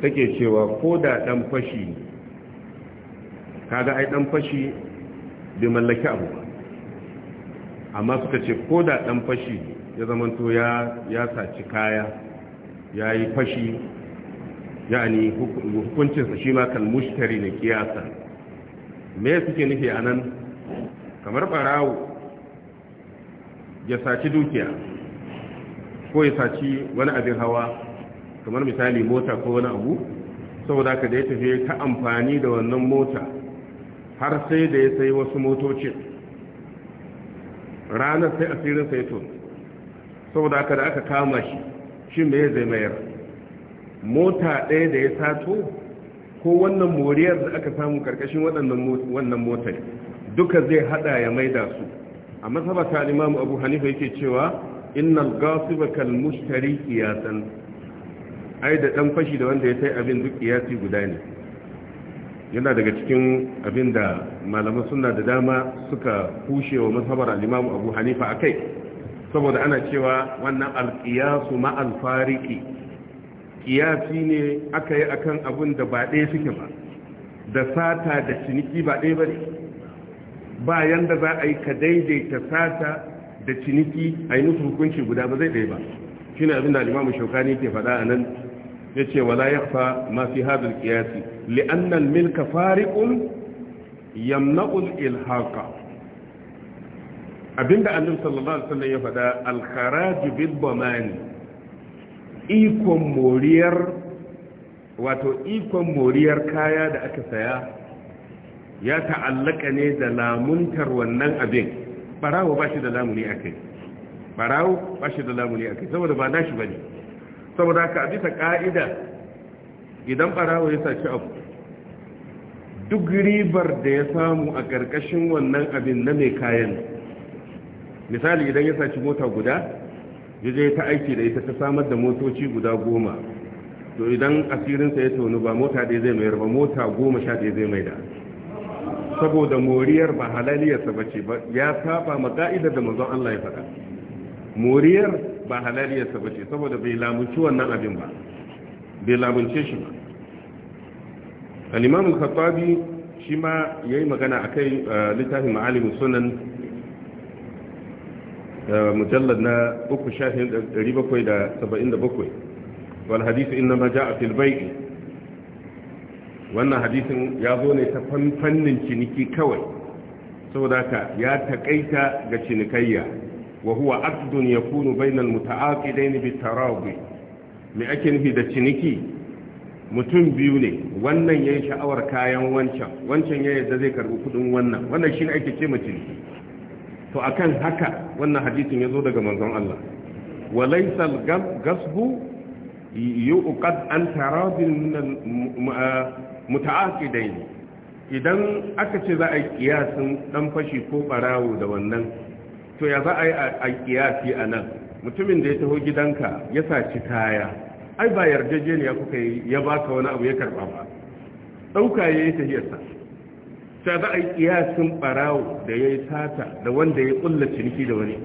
take cewa ko da dan fashi kaga ai dan fashi bai mallaki abu ba amma suka ce ko da dan fashi ya zamanto ya saci kaya ya yi fashi yani hukuncinsa shi ma mushtari ne kiyasa me suke nufi a nan kamar barawo ya saci dukiya ko ya saci wani abin hawa kamar misali mota ko wani abu saboda ka da ya tafi ta amfani da wannan mota har sai da ya sai wasu motocin ranar sai asirinsa ya to saboda aka da aka kama shi shi me zai mayar mota ɗaya da ya sato ko wannan moriyar da aka samu karkashin wannan motar duka zai hada ya maida su a masabata limamu abu hanifa yake cewa innal gasiba kal mushtari qiyasan ai da dan fashi da wanda ya sai abin duk iyasi guda ne yana daga cikin abin da malaman suna da dama suka kushe wa mazhabar al'imamu abu hanifa a kai saboda ana cewa wannan alƙiyasu ma'alfariki ƙiyasi ne aka yi a kan abin da ba ɗaya suke ba da sata da ciniki ba ɗaya ba ne bayan da za a yi ka daidaita sata da ciniki a yi nufin hukunci guda ba zai ɗaya ba shi ne abin da al'imamu shaukani ke faɗa a nan yace wala yakhfa ma fi hadha al-qiyas milka fari'un yamna'ul ilhaka abinda annabi sallallahu alaihi wasallam ya faɗa al bil bamani ikon moriyar wato ikon moriyar kaya da aka saya ya ta'allaka ne da lamuntar wannan abin barawo ba shi da lamuni akai barawo ba shi da lamuni kai saboda ba nashi ne. saboda ka a bisa ka'ida idan barawa ya saci abu duk ribar da ya samu a ƙarƙashin wannan abin na mai kayan misali idan ya saci mota guda ya je ta aiki da ita ta samar da motoci guda goma to idan asirinsa ya tonu ba mota ɗaya zai mayar ba mota goma sha ɗaya zai da saboda moriyar ba halaliyarsa ba ce ba ya saba ma ka'idar da manzon Allah ya faɗa moriyar ba halaliyarsa ba ce saboda bai lamunci wannan abin ba bai lamunce shi ba al'imamun khattabi shi ma ya yi magana a kai uh, littafin ma'alimin sunan uh, mujallar na 3777 wal hadisu inna ma ja a filbai wannan hadisin ya zo ne ta fannin ciniki kawai saboda ka ya taƙaita ga cinikayya wa huwa aqdun yakunu bainal muta'aqidain bitarabi me ake nufi da ciniki mutum biyu ne wannan yi sha'awar kayan wancan wancan ya yadda zai karbi kudin wannan wannan ne ake ce mace ciniki to kan haka wannan hadisin zo daga manzon Allah wa laysa gasbu gasbu yuqad an tarabin min idan aka ce za a yi kiyasin ɗan fashi ko ɓarawo da wannan to ya za a yi a kiyasi a nan mutumin da ya taho gidanka ya saci kaya ai ba yarjejeniya kuka yi ya baka wani abu ya karba ba ɗauka ya yi tahiyarsa ta za a yi kiyasin ɓarawo da ya yi sata da wanda ya ƙulla ciniki da wani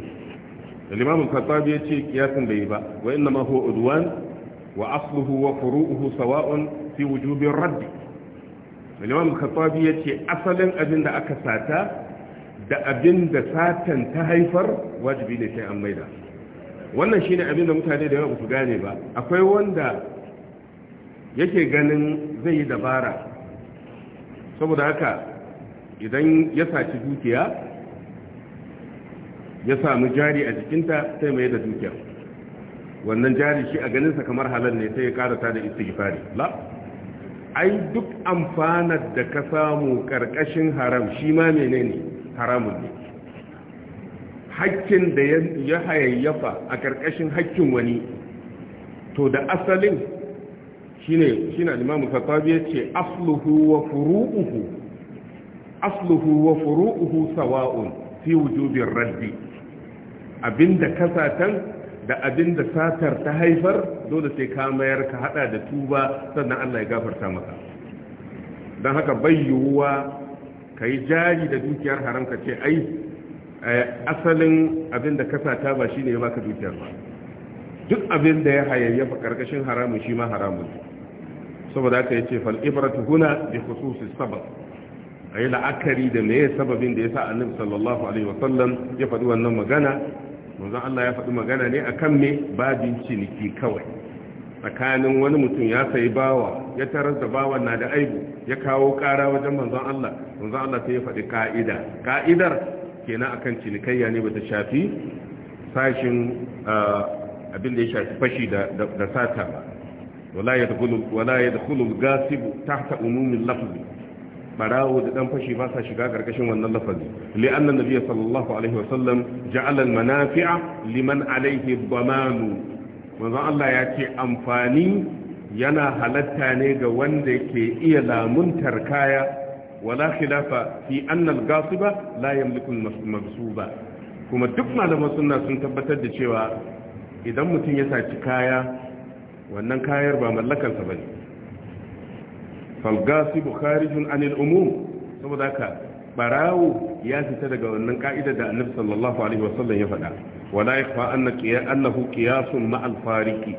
limamin khattabi ya ce kiyasin bai ba wa inna ma huwa udwan wa asluhu wa furu'uhu sawa'un fi wujubin raddi limamin khattabi ya ce asalin abin da aka sata da abin da satan ta haifar wajibi ne sai an maida wannan shi ne abin da mutane da yawa su gane ba akwai wanda yake ganin zai yi dabara saboda haka idan ya saci dukiya ya samu jari a jikinta sai mai da dukiya? wannan jari shi a ganinsa kamar halar ne sai ya karata da istighfari la ai duk amfanar da ka samu karkashin haram shi ma menene haramun ne hakkin da ya hayayyafa a ƙarƙashin hakkin wani to da asalin shine shine limamu ya ce asluhu wa furu'uhu asluhu wa furu'uhu sawa'un fi wujubin raddi abinda kasatan da abinda satar ta haifar dole sai ka mayar ka hada da tuba sannan Allah ya gafarta maka don haka bayyuwa ka yi jari da dukiyar haram ka ce ai eh, asalin abin da kasata ba shi ne ya baka dukiyar ba duk abin da ya hayayyafa karkashin haramun shi ma haramun saboda aka yi ce fal'ibratu huna bi khususi sabab a yi la'akari da meye sababin da ya sa annabi sallallahu alaihi wasallam ya faɗi wannan magana manzon Allah ya faɗi magana ne akan me babin ciniki kawai tsakanin wani mutum ya sayi bawa ya tarar da bawan na da aibu ya kawo kara wajen manzon Allah manzon Allah sai ya faɗi ka'ida ka'idar kenan akan cinikayya ne bata shafi sashin abin da ya shafi fashi da sata ba wala yadkhulu wala yadkhulu al-gasib tahta umum al-lafz barawo da dan fashi ba sa shiga karkashin wannan lafazi li anna nabiyyi sallallahu alaihi wa sallam ja'ala al-manafi'a liman alayhi dhamanu manzon Allah ya ce amfani yana halatta ne ga wanda ke iya lamuntar kaya wala khilafa fi annal gasiba la yamliku al-mabsuba kuma duk malaman sunna sun tabbatar da cewa idan mutum ya saci kaya wannan kayar ba mallakansa bane fal gasibu kharijun anil umum saboda haka barawo ya fita daga wannan ka'idar da annabi sallallahu alaihi wasallam ya faɗa wala yakhfa anna annahu qiyasun ma al-fariqi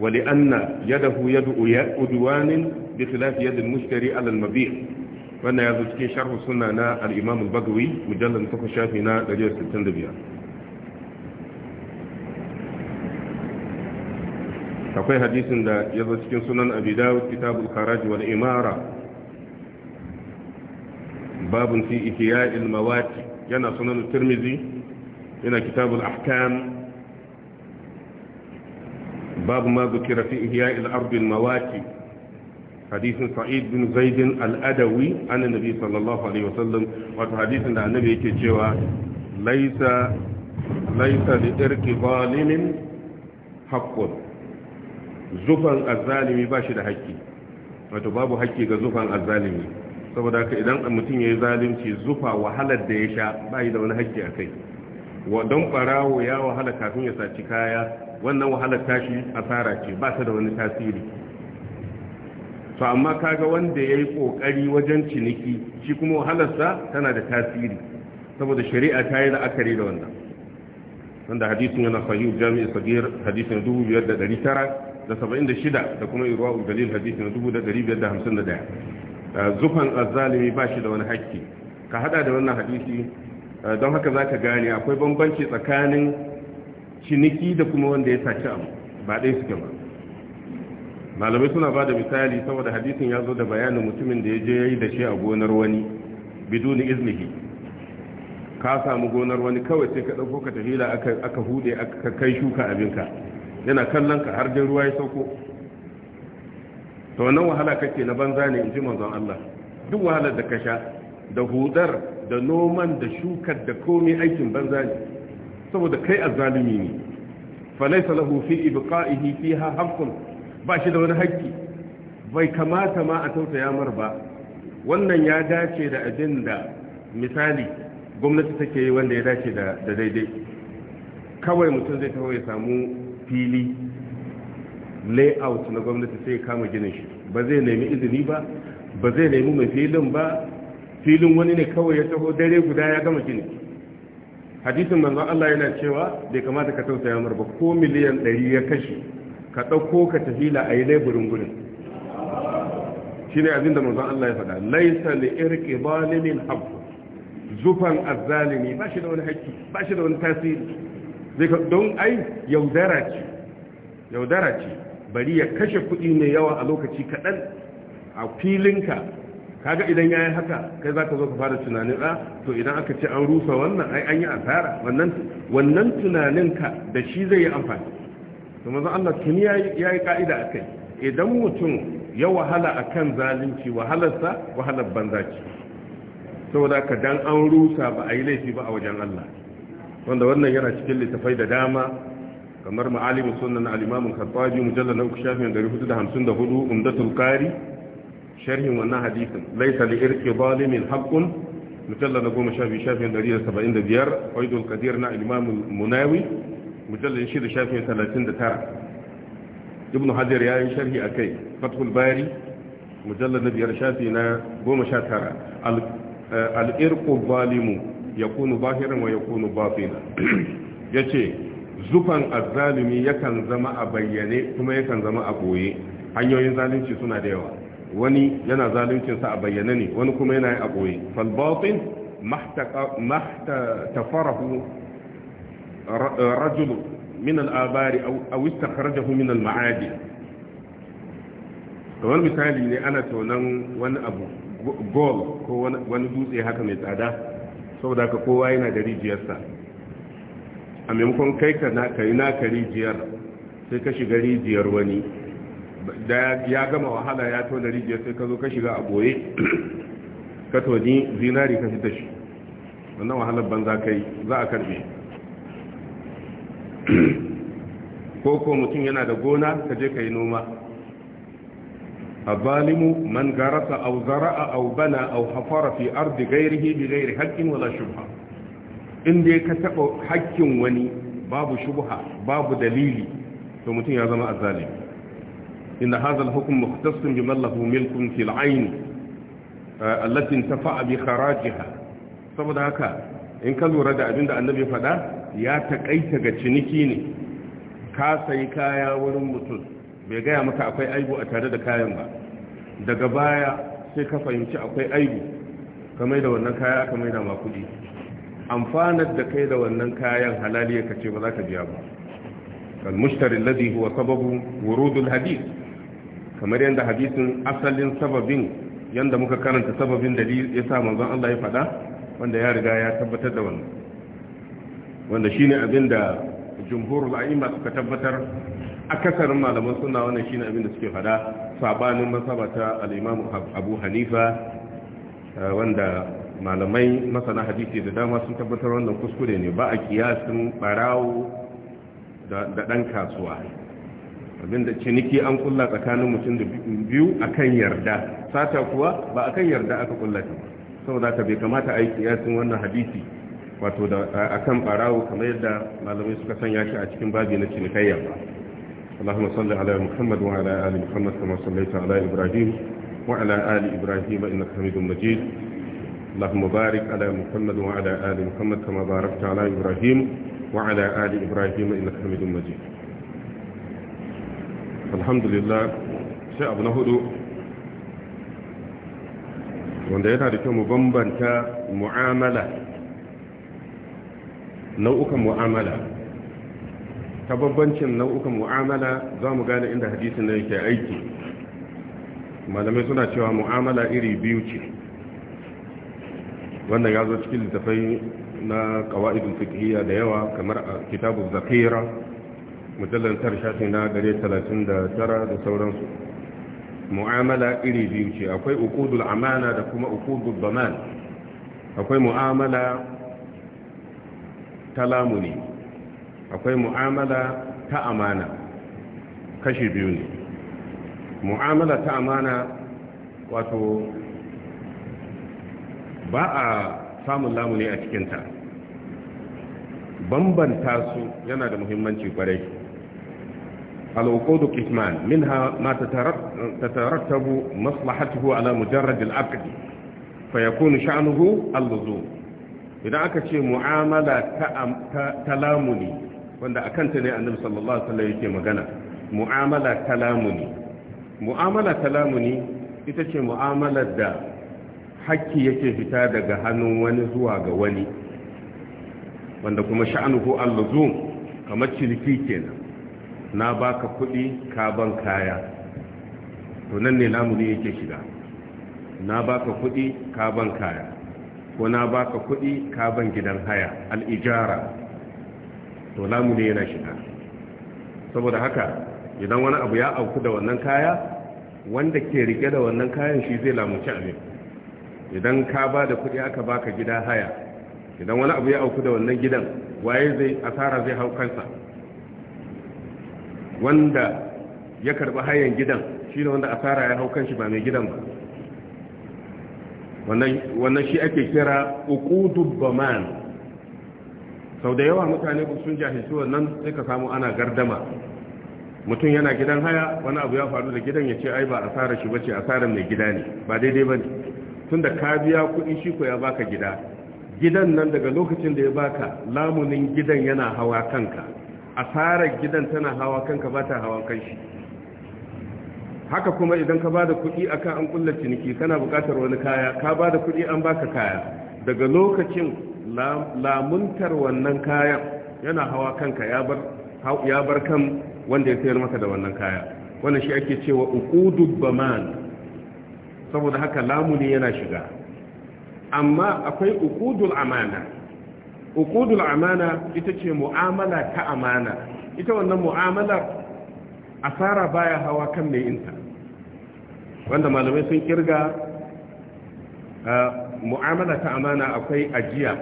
wa li anna yadahu yad'u udwanin bi khilaf yad al-mushtari ala al-mabi' wannan yazo cikin sharh sunna na al-imam al-bagawi mujallal 8 shafi na 165 akwai hadisin da yazo cikin sunan abi dawud kitabul kharaj wal imara babun fi ihya ilmawati yana sunan turmizi yana kitabul ahkam babu ma zukira fi ihya ilarbin mawati hadisun sa'id bin zaidin al'adawi ana nabi sallallahu da annabi yake cewa laisa liɗarki zalimin haƙƙun zufan azalimi ba shi da haƙƙi wato babu hakki ga zufan azalimi saboda haka idan mutum ya yi zalunci zufa wahalar da ya sha ba yi da wani haƙƙi a kai don ɓarawo ya wahala kafin ya saci kaya wannan wahalar tashi asara ce ba ta da wani tasiri to amma kaga wanda ya yi ƙoƙari wajen ciniki shi kuma wahalarsa tana da tasiri saboda shari'a ta yi la'akari da wannan wanda hadisun yana sahih sabir hadisun dubu biyar da tara da da da saba'in shida kuma da dalil da daya Eh, zufan azzalimi ba shi da wani hakki ka hada da wannan hadisi eh, don haka za ka gane akwai bambanci tsakanin ciniki da kuma wanda ya saci abu ba ɗaya suke ba malamai suna ba da misali saboda hadisin ya zo da bayanin mutumin da ya je ya yi da shi a gonar wani biduni iznihi ka samu gonar wani kawai sai ka ɗauko ka tafi da aka hude aka kai shuka abinka yana kallon ka har dai ruwa ya sauko to wannan wahala kake na banza ne in ji manzon Allah duk wahalar da ka sha da hudar da noman da shukar da komai aikin banza ne saboda kai azzalumi ne falaisa lahu fi ibqa'ihi fiha haqqun ba shi da wani haƙƙi bai kamata ma a tausaya mar ba wannan ya dace da abin da misali gwamnati take yi wanda ya dace da daidai kawai mutum zai taho ya samu fili layout na gwamnati sai kama ginin shi ba zai nemi izini ba ba zai nemi mai filin ba filin wani ne kawai ya taho dare guda ya gama gini hadisin manzon Allah yana cewa da kamata ka tausaya mar ba ko miliyan ɗari ya kashe ka ɗauko ka tafila a yi laiburin gurin shine abinda manzon Allah ya faɗa laysa li irqi zalimin habb zufan azzalimi ba shi da wani haƙƙi ba shi da wani tasiri don ai yaudara ce yaudara ce bari ya kashe kuɗi mai yawa a lokaci kaɗan a filinka kaga idan ya yi haka kai za ka zo ka fara tunanin a ah, to idan aka ce an rusa wannan ai an yi asara wannan tunaninka da shi zai yi amfani to maza Allah tuni ya yi ka'ida a kai idan mutum ya wahala a kan zalunci wahalarsa wahalar banza ce saboda ka dan an rusa ba a yi laifi ba a wajen Allah wanda wannan yana cikin littafai da dama kamar ma'alimin sunan al'imamin karfaji mujallar na uku shafin 454 umdatul kari sharhin wannan hadisin laisa li irki zalimin haqqun mujallar na goma shafi shafin 175 waidul kadir na al'imamin munawi mujallar shida shafin 39 ibn hajar yayin sharhi akai fathul bari mujallar na biyar shafi na goma sha tara al'irku zalimu yakunu kunu wa yakunu kunu bafina ya zufan azzalumi yakan zama a bayyane kuma yakan zama a boye hanyoyin zalunci suna da yawa wani yana zaluncinsa a bayyane ne wani kuma yana a boye falbatin mahtafarahu rajulu min al'abari a wista karjahu min al-ma'adi kamar misali ne ana tonon wani abu gol ko wani dutse haka mai tsada saboda ka kowa yana da rijiyarsa a maimakon kai ka yi naka rijiyar sai ka shiga rijiyar wani da ya gama wahala ya tona rijiyar sai ka zo ka shiga a boye ka toni zinari ka fita shi wannan wahalar banza kai za a karbe ko ko mutum yana da gona ka je ka yi noma a zalimu man garasa au zara'a au bana au hafara fi ardi gairihi bi gairi haƙƙin wala shubha in dai ka taɓa hakkin wani babu shubha babu dalili to mutum ya zama azali inna hadha al-hukm mukhtasun bi man lahu milkun fil ayn eh, allati tafa'a bi kharajiha saboda haka in ka lura da abinda annabi faɗa ya takaita ga ciniki ne ka sayi kaya wurin mutum bai gaya maka akwai aibu a tare da kayan ba daga baya sai ka fahimci akwai aibu kamar da wannan kaya kamar da ma kuɗi amfanar da kai da wannan kayan halali ka ce ba za ka biya ba kan mushtari alladhi huwa sababu wurudul hadith kamar yanda hadisin asalin sababin yanda muka karanta sababin da ya sa manzon Allah ya faɗa wanda ya riga ya tabbatar da wannan wanda shine abin da jumhurul a'imma suka tabbatar akasarin malaman sunna wannan shine abin da suke faɗa sabanin masabata al-imam Abu Hanifa wanda malamai masana hadisi da dama sun tabbatar wannan kuskure ne ba a kiyasin barawo da ɗan kasuwa abinda ciniki an kulla tsakanin mutum da biyu a kan yarda sata kuwa ba a kan yarda aka kulla ta saboda ka bai kamata a yi kiyasin wannan hadisi wato da kan barawo kamar yadda malamai suka sanya shi a cikin babi na cinikayya ba اللهم صل على محمد وعلى آل محمد كما صليت على إبراهيم وعلى آل إبراهيم إنك حميد مجيد اللهم بارك على محمد وعلى آل محمد كما باركت على إبراهيم وعلى آل إبراهيم إنك حميد مجيد الحمد لله شيء أبنى هدو wanda yana da kyau mu bambanta mu'amala nau'ukan mu'amala ta bambancin nau'ukan mu'amala za mu gane inda hadisin da yake aiki malamai suna cewa mu'amala iri biyu ce wannan ya zo cikin littafai na qawaidul fikiyya da yawa kamar a kitabun zakira Mujallar tar shafi na gare 39 da sauransu mu'amala iri biyu ce akwai ukudul amana da kuma ukudul daman akwai mu'amala ta lamuni akwai mu'amala ta amana kashi biyu ne mu'amala ta amana wato ba a samun lamuni a cikinta bambanta su yana da muhimmanci kwarai al'ukudu kisman min ha ma tatarattabu maslahatuhu ala mujarrad al'aqdi fa ya sha'nuhu al-luzum idan aka ce mu'amala ta lamuni. wanda akan ta ne annabi sallallahu alaihi wasallam yake magana mu'amala talamuni mu'amala ta lamuni ita ce mu'amalar da hakki yake fita daga hannun wani zuwa ga wani wanda kuma sha'anuhu allazum kamar ciniki kenan na baka kudi ka ban kaya to nan ne lamuni yake shiga na baka kudi ka ban kaya ko na baka kudi ka ban gidan haya al-ijara to lamuni yana shiga saboda haka idan wani abu ya auku da wannan kaya wanda ke rike da wannan kayan shi zai lamunci abin idan ka ba da kuɗi aka baka gida haya idan wani abu ya auku da wannan gidan waye zai asara zai hau kansa wanda ya karɓi hayan gidan shi ne wanda asara ya hau kanshi ba mai gidan ba wannan shi ake kira uqudud baman sau da yawa mutane sun jahilci wannan sai ka samu ana gardama mutum yana gidan haya wani abu ya faru da gidan ya ce ai ba asara shi bace asarar mai gida ne ba daidai bane tunda ka biya kuɗi shi ko ya baka gida gidan nan daga lokacin da ya baka lamunin gidan yana hawa kanka asarar gidan tana hawa kanka ba ta hawa shi haka kuma idan ka bada kuɗi akan an kulla ciniki kana buƙatar wani kaya ka bada kuɗi an baka kaya daga lokacin lamuntar wannan kayan yana hawa kanka ya bar kan wanda ya sayar maka da wannan kaya wannan shi ake cewa uqudud baman saboda haka lamuni yana shiga amma akwai uqudul amana uqudul amana ita ce mu'amala ta amana ita wannan mu'amala asara baya hawa kan mai inta wanda malamai sun kirga mu'amala ta amana akwai ajiya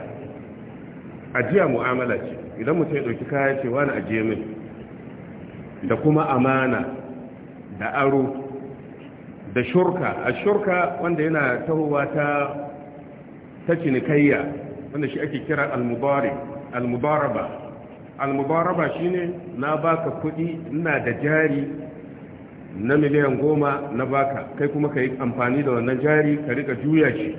ajiya mu'amala ce idan mutum ya dauki kaya ce wani ajiye min da kuma amana da aro da shurka a shurka wanda yana tahowa ta ta cinikayya wanda shi ake kira al-mubaraba almubaraba mubaraba shine na baka kudi ina da jari na miliyan goma na baka kai kuma ka amfani da wannan jari ka rika juya shi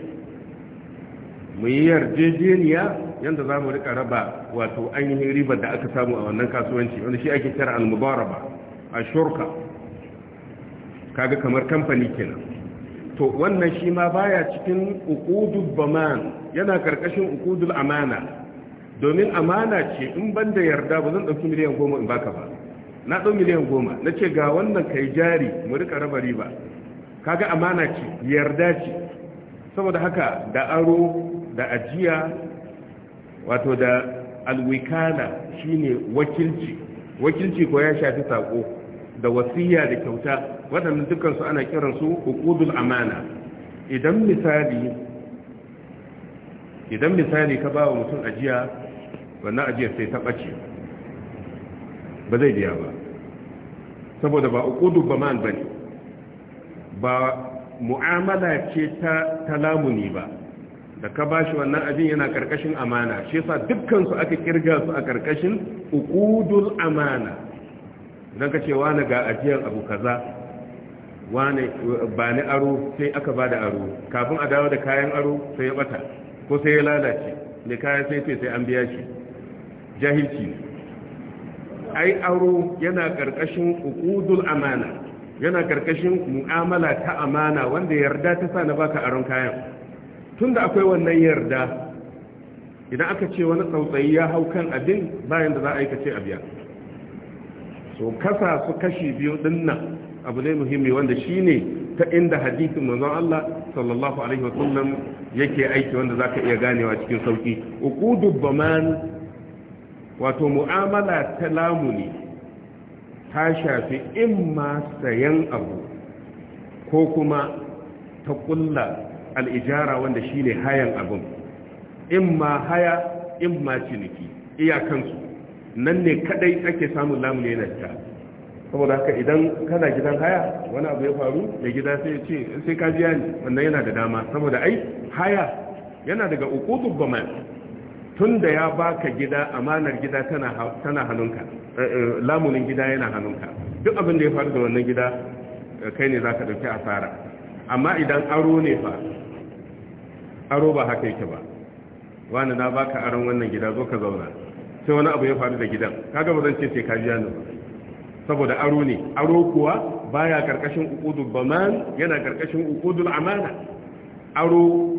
mu yi yarjejeniya yadda za mu rika raba wato ainihin ribar da aka samu a wannan kasuwanci wanda shi ake kira almubaraba a shurka kaga kamar kamfani kenan to wannan shi ma baya cikin uqudul baman yana karkashin uqudul amana domin amana ce in banda yarda ba zan dauki miliyan goma in baka ba na dau miliyan goma na ce ga wannan kai jari mu rika raba riba kaga amana ce yarda ce saboda haka da aro da ajiya wato da alwikala shine wakilci wakilci ko ya shafi sako da wasiya da kyauta waɗannan dukansu ana kiransu uqudul amana idan misali idan misali ka ba wa mutum ajiya wannan ajiyar sai ta ɓace ba zai biya ba saboda ba uqudul baman bane ba mu'amala ce ta talamuni ba da ka ba shi wannan abin yana karkashin amana shi yasa dukkansu aka kirga su a karkashin uqudul amana idan ka ce wane ga ajiyar abu kaza wane ba ni aro sai aka ba da aro kafin a dawo da kayan aro sai ya bata ko sai ya lalace ne kayan sai ce sai an biya shi jahilci ai aro yana karkashin uqudul amana yana karkashin mu'amala ta amana wanda yarda ta sa na baka aron kayan tunda akwai wannan yarda idan aka ce wani tsautsayi ya hau kan abin bayan da za a aikace a biya to kasa su kashi biyu dinnan abu ne muhimmi wanda shine ta inda hadisin manzon Allah sallallahu alaihi wasallam yake aiki wanda zaka iya ganewa cikin sauki uqudu baman wato mu'amala ta lamuni ta shafi imma sayan abu ko kuma ta kulla al'ijara wanda shine hayan abun imma haya imma ciniki iyakansu nan ne kadai ake samun lamun yana ta saboda haka idan kana gidan haya wani abu ya faru da gida sai ce sai ka biya ni wannan yana da dama saboda ai haya yana daga uqutub baman tunda ya baka gida amanar gida tana tana hannunka eh, eh, lamunin gida yana hannunka duk abin da ya faru da wannan gida kai ne zaka dauki asara amma idan aro ne fa aro ba haka yake ba wani na baka aron wannan gida zo ka zauna sai wani abu ya faru da gidan kaga ba zan ce sai ka biya ni saboda aro ne aro kuwa baya karkashin uqudul baman yana karkashin uqudul amana aro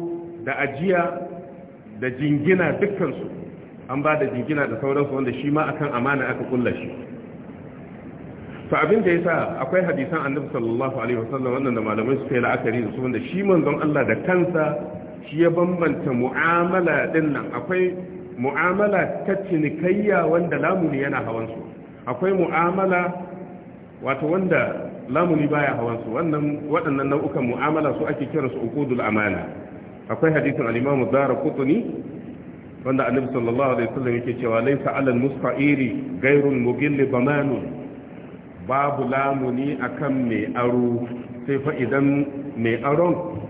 da ajiya da jingina dukkan su an ba da jingina da sauransu wanda shi ma akan amana aka kulla shi to abin da yasa akwai hadisan annabi sallallahu alaihi wasallam wannan da malamai su kai la'akari da su wanda shi manzon Allah da kansa shi ya bambanta mu'amala din nan akwai mu'amala ta cinikayya wanda lamuni yana hawansu akwai mu'amala wato wanda lamuni baya hawansu wannan waɗannan nau'ukan mu'amala su ake kira su uqudul amana akwai hadisin al-Imam Darqutni wanda Annabi sallallahu alaihi wasallam yake cewa laysa 'alal musta'iri ghayrul mugill bamanun babu lamuni akan mai aro sai fa idan mai aron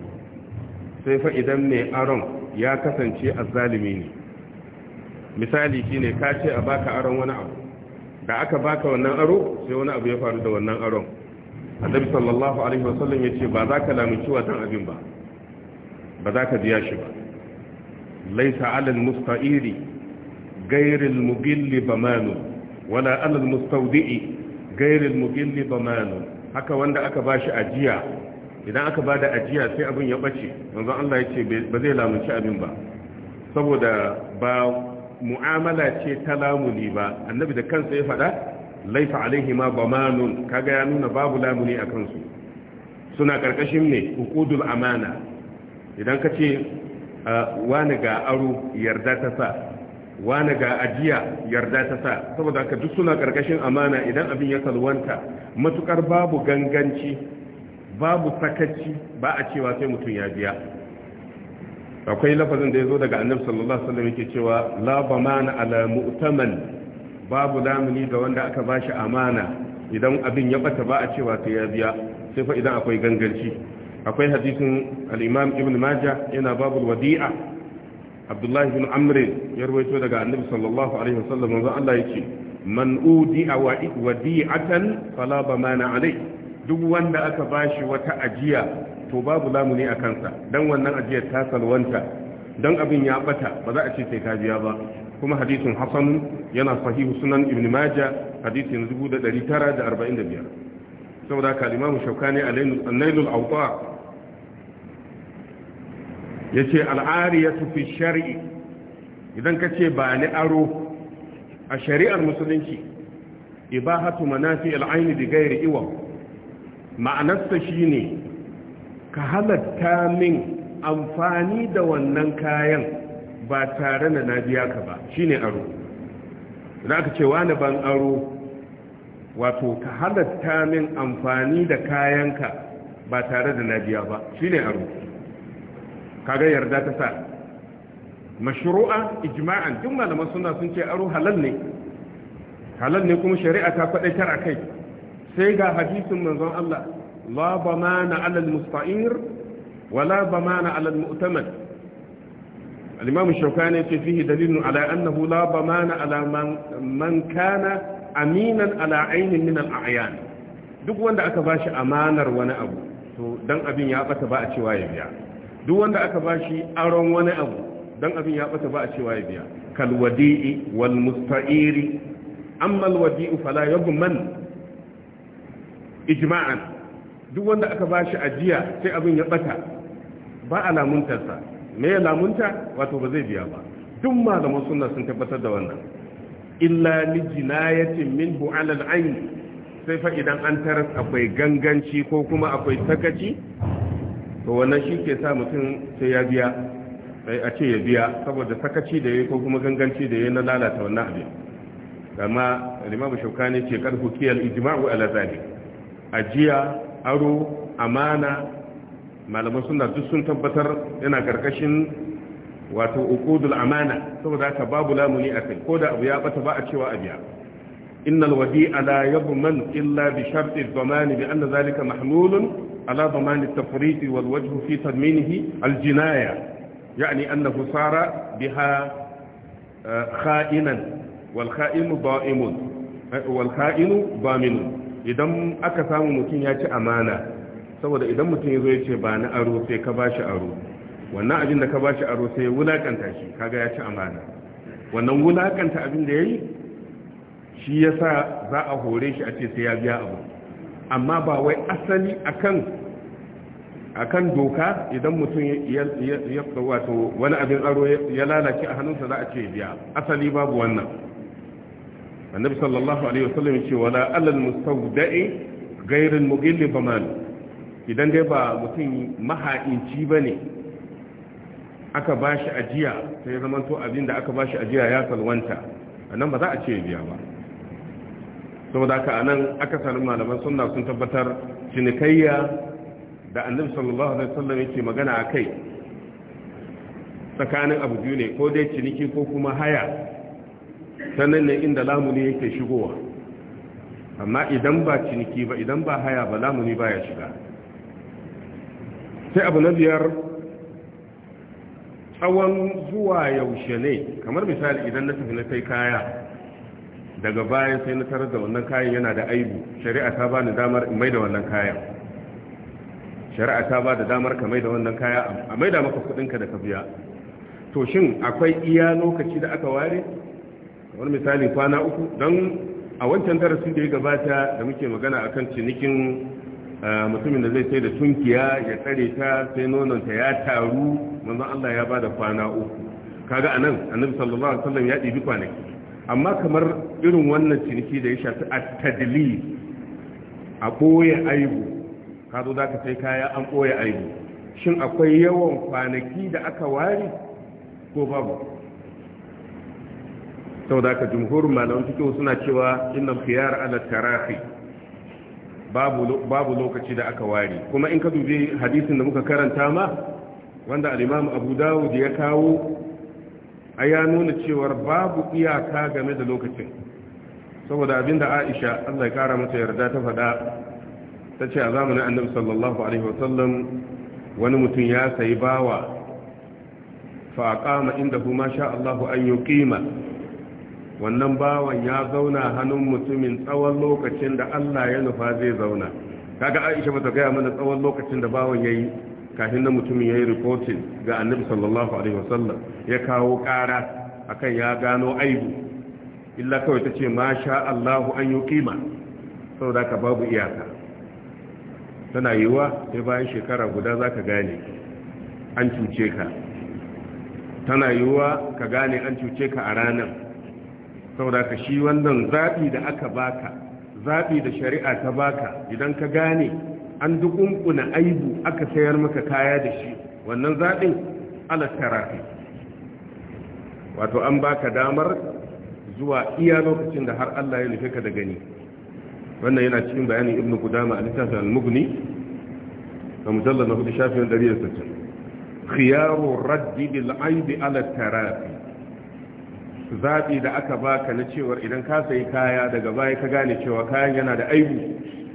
sai fa idan me aron ya kasance azzalimi ne misali shine ka ce a baka aron wani abu da aka baka wannan aro sai wani abu ya faru da wannan aron annabi sallallahu alaihi wasallam ce ba za ka lamunci wannan abin ba ba za ka biya shi ba laisa alal musta'iri gairil mugilli bamanu wala alal mustawdi'i gairil mugilli bamanu haka wanda aka bashi ajiya idan aka bada ajiya sai abin ya bace manzon Allah ya ce ba zai lamunci abin ba saboda ba mu'amala ce ta lamuni ba annabi da kansa ya faɗa laifa alaihi ma bamanun kaga ya nuna babu lamuni a kansu suna karkashin ne hukudul amana idan ka ce ah, wani ga aro yarda ta sa wani ga ajiya yarda ta sa saboda ka duk suna karkashin amana idan abin ya salwanta matukar babu ganganci babu sakaci ba a cewa sai mutum ya biya akwai lafazin da ya zo daga annabi sallallahu alaihi wasallam yake cewa la mana ala mu'taman babu lamuni ga wanda aka bashi amana idan abin ya bata ba a cewa ta ya biya sai fa idan akwai gangarci akwai hadisin al-imam ibn majah yana babu wadi'a abdullahi bin amr ya rawaito daga annabi sallallahu alaihi wasallam manzo Allah yake man udi'a wadi'atan fala mana alai duk wanda aka bashi wata ajiya to babu lamuni a kansa don wannan ajiyar ta salwanta don abin ya bata ba za a ce sai ka biya ba kuma hadisin Hassan yana sahihu sunan ibn majah hadisin 1945 saboda ka limamu shaukani Ya ce yace ya fi shari'i idan ka ce ba ni aro a shari'ar musulunci ibahatu manafi al'aini da gairi iwa ma'anarsa shine ka halatta min amfani da wannan kayan ba tare da na biya ka ba shi ne aro za ka ce wani ban aro wato ka halatta min amfani da kayanka ba tare da na biya ba ne aro kaga yarda ta sa mashru'a ijma'an duk malaman suna sun ce aro halal ne halal ne kuma shari'a ta faɗaitar a kai sai ga hadisun manzon Allah la damana ala al-musta'ir wa la damana ala al-mu'tamad al-imam shawkani yace fihi dalilun ala annahu la damana ala man kana aminan ala aynin min al-a'yan duk wanda aka bashi amanar wani abu to dan abin ya bata ba a cewa ya biya duk wanda aka bashi aron wani abu dan abin ya bata ba a cewa ya biya kal wadi'i wal musta'iri amma al wadi'u fala yughman ijma'an duk wanda aka ba shi ajiya sai abin ya bata ba a lamuntarsa me ya lamunta wato ba zai biya ba duk malaman sunna sun tabbatar da wannan illa li jinayatin minhu ala al-ayn sai fa idan an taras akwai ganganci ko kuma akwai sakaci to wannan shi ke sa mutum sai ya biya sai a ce ya biya saboda sakaci da yayi ko kuma ganganci da ya na lalata wannan abin kama limamu shaukani ce karhu kiyar ijma'u ala zalik ajiya aro amana malaman suna duk sun tabbatar yana karkashin wato uqudul amana saboda haka babu lamuni kai ko da abu ya bata ba a cewa biya innal wadi'a la man illa bi sharti ad bi anna zalika mahmulun ala daman at-tafriq wal wajh fi tadminihi al-jinaya yani annahu sara biha eh, kha'inan wal kha'inu da'imun eh, wal kha'inu daminun idan aka samu mutum ya ci amana saboda idan mutum ya zo ya ce ba na aro sai ka ba shi aro wannan abin da ka ba shi aro sai ya wulakanta shi kaga ya ci amana wannan wulakanta abin da ya yi shi ya sa za a hore shi a ce sai ya biya abu amma ba wai asali akan akan doka idan mutum ya wato wani abin aro ya lalace a hannunsa za a ce biya asali babu wannan annabi sallallahu alaihi wasallam ce wala alal mustawda'i ghayr al mughilli faman idan dai ba mutum maha'inci bane aka bashi ajiya sai zaman to abin da aka bashi ajiya ya salwanta anan ba za a ce biya ba saboda haka anan aka sanar malaman sunna sun tabbatar cinikayya da annabi sallallahu alaihi wasallam yake magana akai tsakanin abu biyu ne ko dai ciniki ko kuma haya sanan ne inda lamuni yake shigowa amma idan ba ciniki ba idan ba haya ba lamuni ba ya shiga sai abu na biyar tsawon zuwa yaushe ne kamar misali idan na tafi na kai kaya daga bayan sai na tarar da wannan kayan yana da aibu shari'a ta ba ni damar mai da wannan kayan shari'a ta ba da damar ka mai da wannan kaya a mai da maka kudinka da ka biya to shin akwai iya lokaci da aka ware kamar misali kwana uku don a wancan darasi da ya gabata da muke magana akan cinikin eh, mutumin da zai sai da tunkiya ya tsare ta sai nononta ya taru manzon Allah ya bada kwana uku kaga anan annabi sallallahu alaihi wasallam ya ɗibi kwanaki amma kamar irin wannan ciniki da ya shafi at-tadlil a boye aibu ka zo zaka sai kaya an boye aibu shin akwai yawan kwanaki da aka ware ko babu saboda haka jumhurin malaman fiqh suna cewa innal khiyar ala tarafi babu babu lokaci da aka ware kuma in ka dubi hadisin da muka karanta ma wanda al-Imam Abu Dawud ya kawo a ya nuna cewar babu iyaka game da lokacin saboda abinda Aisha Allah ya kara mata yarda ta faɗa ta ce a zamanin annabi sallallahu alaihi wasallam wani mutum ya sayi bawa fa aqama indahu ma sha Allahu an yuqima wannan bawan ya zauna hannun mutumin tsawon lokacin da Allah ya nufa zai zauna kaga Aisha bata gaya mana tsawon lokacin da bawan ya yi kafin na mutumin ya yi rikotin ga Annabi sallallahu alaihi wasallam ya kawo ƙara akan ya gano aibu illa kawai tace ma sha Allahu an Sau saboda ka babu iyaka tana yiwa sai bayan shekara guda zaka gane an cuce ka tana yiwa ka gane an cuce ka a ranar saboda ka shi wannan zaɓi da aka baka zaɓi da shari'a ta baka idan ka gane an dukunkuna aibu aka sayar maka kaya da shi wannan zaɓin alattarafi wato an baka damar zuwa iya lokacin da har Allah ya nufe ka da gani wannan yana cikin bayanin ibnu kudama a littafin al-mughni da mujallal na hudu shafin 160 khiyaru raddi bil aibi ala tarafi zaɓi da aka baka na cewar idan ka sayi kaya daga baya ka gane cewa kayan yana da aibu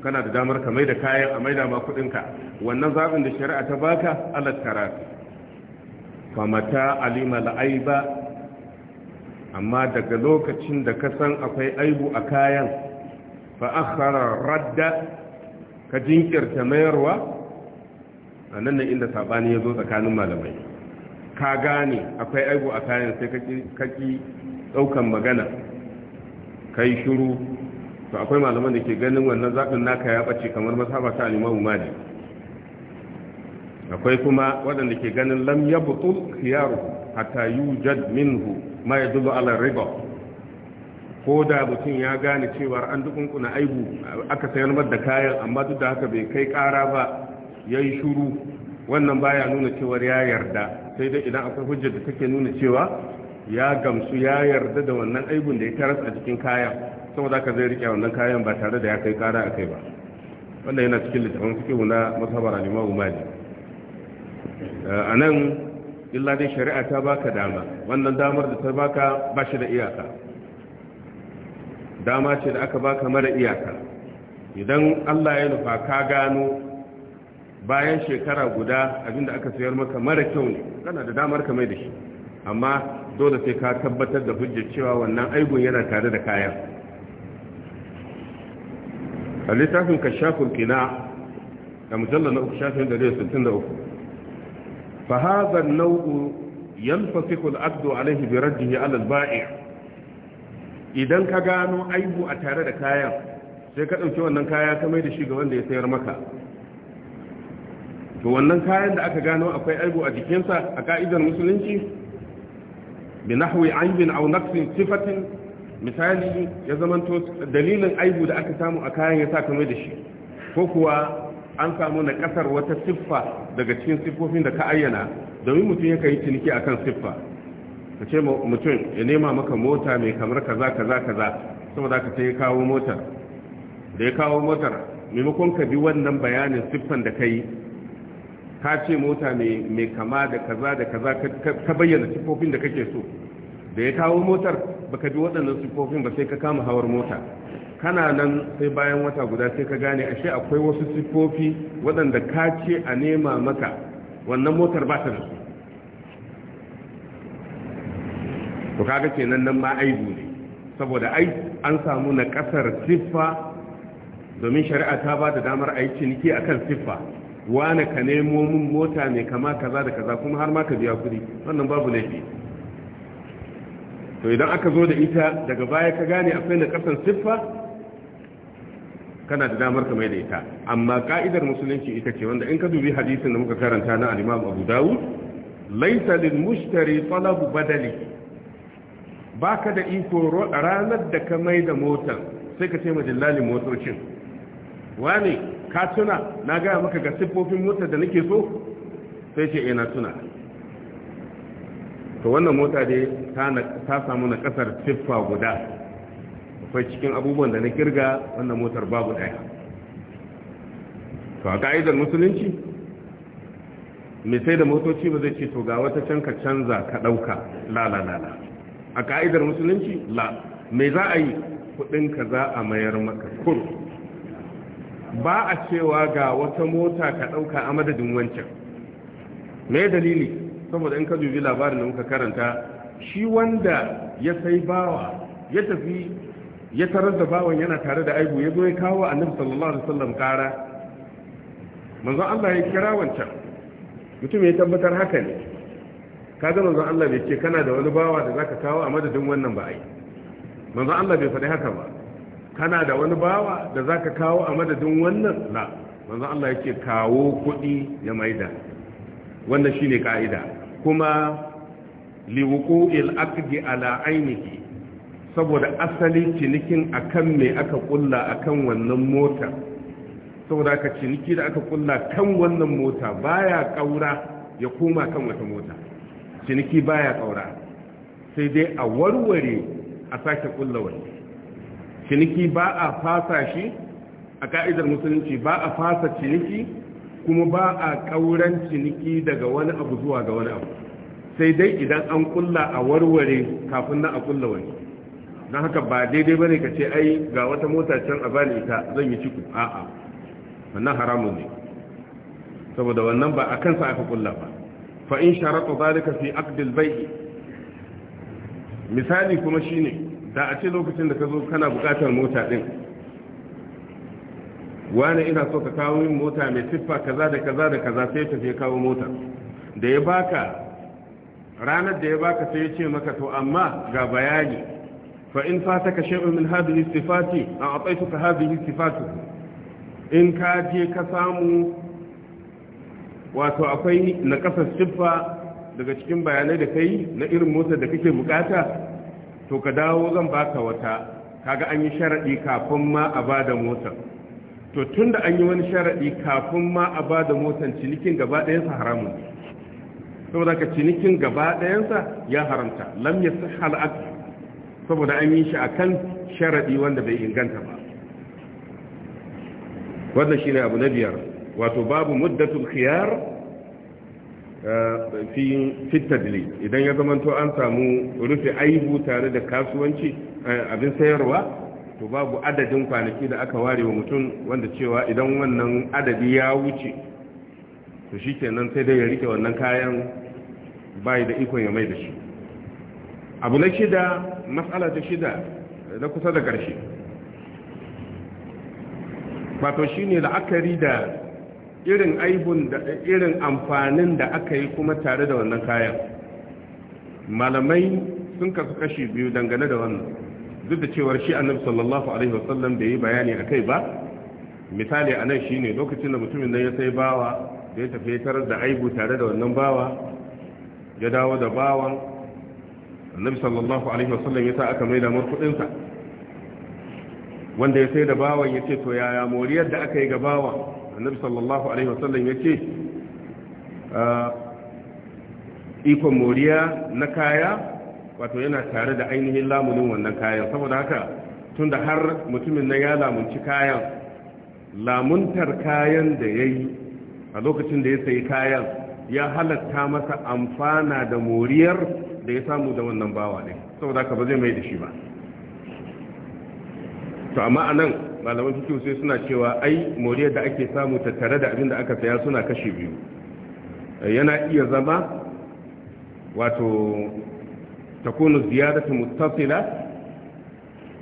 kana da damar ka maida kayan a maida ma kuɗinka wannan zaɓin da shari'a ta baka alat fa mata alima la'aiba amma daga lokacin da ka san akwai aibu a kayan fa akhara radda ka jinkirta mayarwa anan nan inda sabani ya zo tsakanin malamai ka gane akwai aibu a kayan sai kaki daukan magana kai shiru to akwai malaman da ke ganin wannan zaɓin naka ya ɓace kamar masaba ta alimamu mali akwai kuma waɗanda ke ganin lam ya butul khiyaru hatta yujad minhu ma ya ala riba ko da mutum ya gane cewa an dukunkuna aibu aka sayar mar da kayan amma duk da haka bai kai ƙara ba ya yi shuru wannan baya nuna cewar ya yarda sai dai idan akwai hujjar da take nuna cewa ya gamsu ya yarda da wannan aibun da ya taras a cikin kayan saboda ka zai rike wannan kayan ba tare da ya kai kara a kai ba wannan yana cikin littafin fikihu na masabar alimawu umari eh, a nan illa dai shari'a ta baka dama wannan damar da ta baka ba shi da iyaka dama ce da aka baka mara iyaka idan Allah ya nufa ka gano bayan shekara guda abinda aka sayar maka mara kyau ne kana da damar ka mai da shi amma dole sai ka tabbatar da hujjar cewa wannan aibun yana tare da kayan a littafin kashafin kina da mujallar na uku shafin da zai sittin da uku fahazan nau'u yalfasikul abdu alaihi bi rajjihi alal ba'i idan ka gano aibu a tare da kayan sai ka ɗauki wannan kaya ka mai da shi ga wanda ya sayar maka to wannan kayan da aka gano akwai aibu a jikinsa a ka'idar musulunci bi nahwi aibin aw naqsin sifatin misali ya zamanto dalilin aibu da aka samu a kayan ya sa kamar da shi ko kuwa an samu na kasar wata siffa daga cikin siffofin da ka ayyana domin mutum ya yi ciniki akan siffa ka ce mutum ya nema maka mota mai kamar kaza kaza kaza saboda ka ce ya kawo motar da ya kawo motar maimakon ka bi wannan bayanin siffan da ka ka ce mota mai kama da kaza da kaza ka bayyana sifofin da kake so da ya kawo motar baka bi waɗannan sifofin ba sai ka kama hawar mota kana nan sai bayan wata guda sai ka gane ashe akwai wasu sifofi waɗanda ka ce a nema maka wannan motar ba ta da su to kaga kenan nan ma aibu ne saboda ai an samu na ƙasar siffa domin shari'a ta ba da damar a yi ciniki a kan siffa wane ka nemo mun mota mai kama kaza da kaza kuma har ma ka biya kudi wannan babu laifi to idan aka zo da ita daga baya ka gane akwai da kasan siffa kana da damar ka mai da ita amma ka'idar musulunci ita ce wanda in ka dubi hadisin da muka karanta na al-Imam Abu Dawud laysa lil mushtari talabu badali baka da iko ranar da ka mai da motar sai ka ce ma dillalin motocin Wani ka tuna na gaya maka ga siffofin motar da nake so sai ce ina eh, tuna to wannan mota dai ta samu na kasar siffa guda akwai cikin abubuwan da na kirga wannan motar babu daya to a ka'idar musulunci mai sai da motoci ba zai ce to ga wata can ka canza ka ɗauka lalalala. a ka'idar musulunci la mai za a yi kudinka za a mayar maka kuru ba a cewa ga wata mota ka ɗauka a madadin wancan me dalili saboda in ka dubi labarin da muka karanta shi wanda ya sai bawa ya tafi ya tarar da bawan yana tare da aibu ya zo ya kawo annabi sallallahu alaihi wasallam kara manzo Allah ya kira wancan mutum ya tabbatar haka ne kaga manzo Allah bai ce kana da wani bawa da zaka kawo a madadin wannan ba ai manzo Allah bai faɗi haka ba kana da wani bawa da za ka kawo a madadin wannan la manzan Allah yake kawo kuɗi ya maida wannan shi ne ka'ida kuma liwuku il'akdi ala ainihi saboda asali cinikin akan mai aka kulla kan wannan mota saboda aka ciniki da aka kulla kan wannan mota baya kaura ya koma kan wata mota ciniki baya kaura sai dai a warware a sake kulla wani ciniki ba a fasa shi a ka'idar musulunci ba a fasa ciniki kuma ba a ƙauran ciniki daga wani abu zuwa ga wani abu sai dai idan an kulla a warware kafin na a kulla wani don haka ba daidai bane ka ce ai ga wata mota can a bani ita zan yi ciku a'a wannan haramun ne saboda wannan ba a kansa aka kulla ba fa in sharatu zalika fi aqdil bai misali kuma shine da a ce lokacin da ka zo kana bukatar mota ɗin, wani ina so ka kawo min mota mai siffa kaza da kaza da kaza sai tafiye kawo mota da ya baka ranar da ya baka sai ya ce maka to amma ga bayani fa in ka shay'un min hadhihi sifati a haɗu hadhihi sifatu in ka je ka samu wato akwai na ƙasar siffa daga cikin bayanai da kai na irin motar da kake bukata to ka dawo zan baka wata kaga an yi sharadi kafin ma a bada motar to tunda an yi wani sharadi kafin ma a bada motar cinikin gaba ɗayan sa haramun saboda ka cinikin gaba ɗayan sa ya haramta lam yasihhal aqd saboda an yi shi akan sharadi wanda bai inganta ba wannan shine abu na biyar wato babu muddatul khiyar Eh, fi tadli idan ya zamanto an samu rufe aibu tare da kasuwanci eh, abin sayarwa to babu adadin kwanaki da aka ware wa mutum wanda cewa idan wannan adadi ya wuce to shi kenan sai dai ya rike wannan kayan bayi da ikon ya mai da shi abu na shida matsala ta shida eh, na kusa da ƙarshe wato shi ne la'akari da irin aibun da irin amfanin da aka yi kuma tare da wannan kayan malamai sun kasu kashi biyu dangane da wannan duk da cewar shi annabi sallallahu alaihi wasallam bai yi bayani akai ba misali anan shine lokacin da mutumin nan ya sai bawa da ya tafi tarar da aibu tare da wannan bawa ya dawo da bawan annabi sallallahu alaihi wasallam ya sa aka mai da murkudin sa wanda ya sai da bawan yace to yaya moriyar da aka yi ga bawan annabi sallallahu alaihi wasallam yake ah, ikon moriya na kaya wato yana tare da ainihin lamunin wannan kayan saboda haka tun da har mutumin na ya lamunci kayan lamuntar kayan da ya yi a lokacin da ya sayi kayan ya halatta masa amfana da moriyar da ya samu da wannan bawa ne saboda haka ba zai mai da shi ba to amma anan malaman fikihu sai suna cewa ai moriyar da ake samu tattare da abin da aka saya suna kashe biyu yana iya zama wato takunu ziyarar muttasila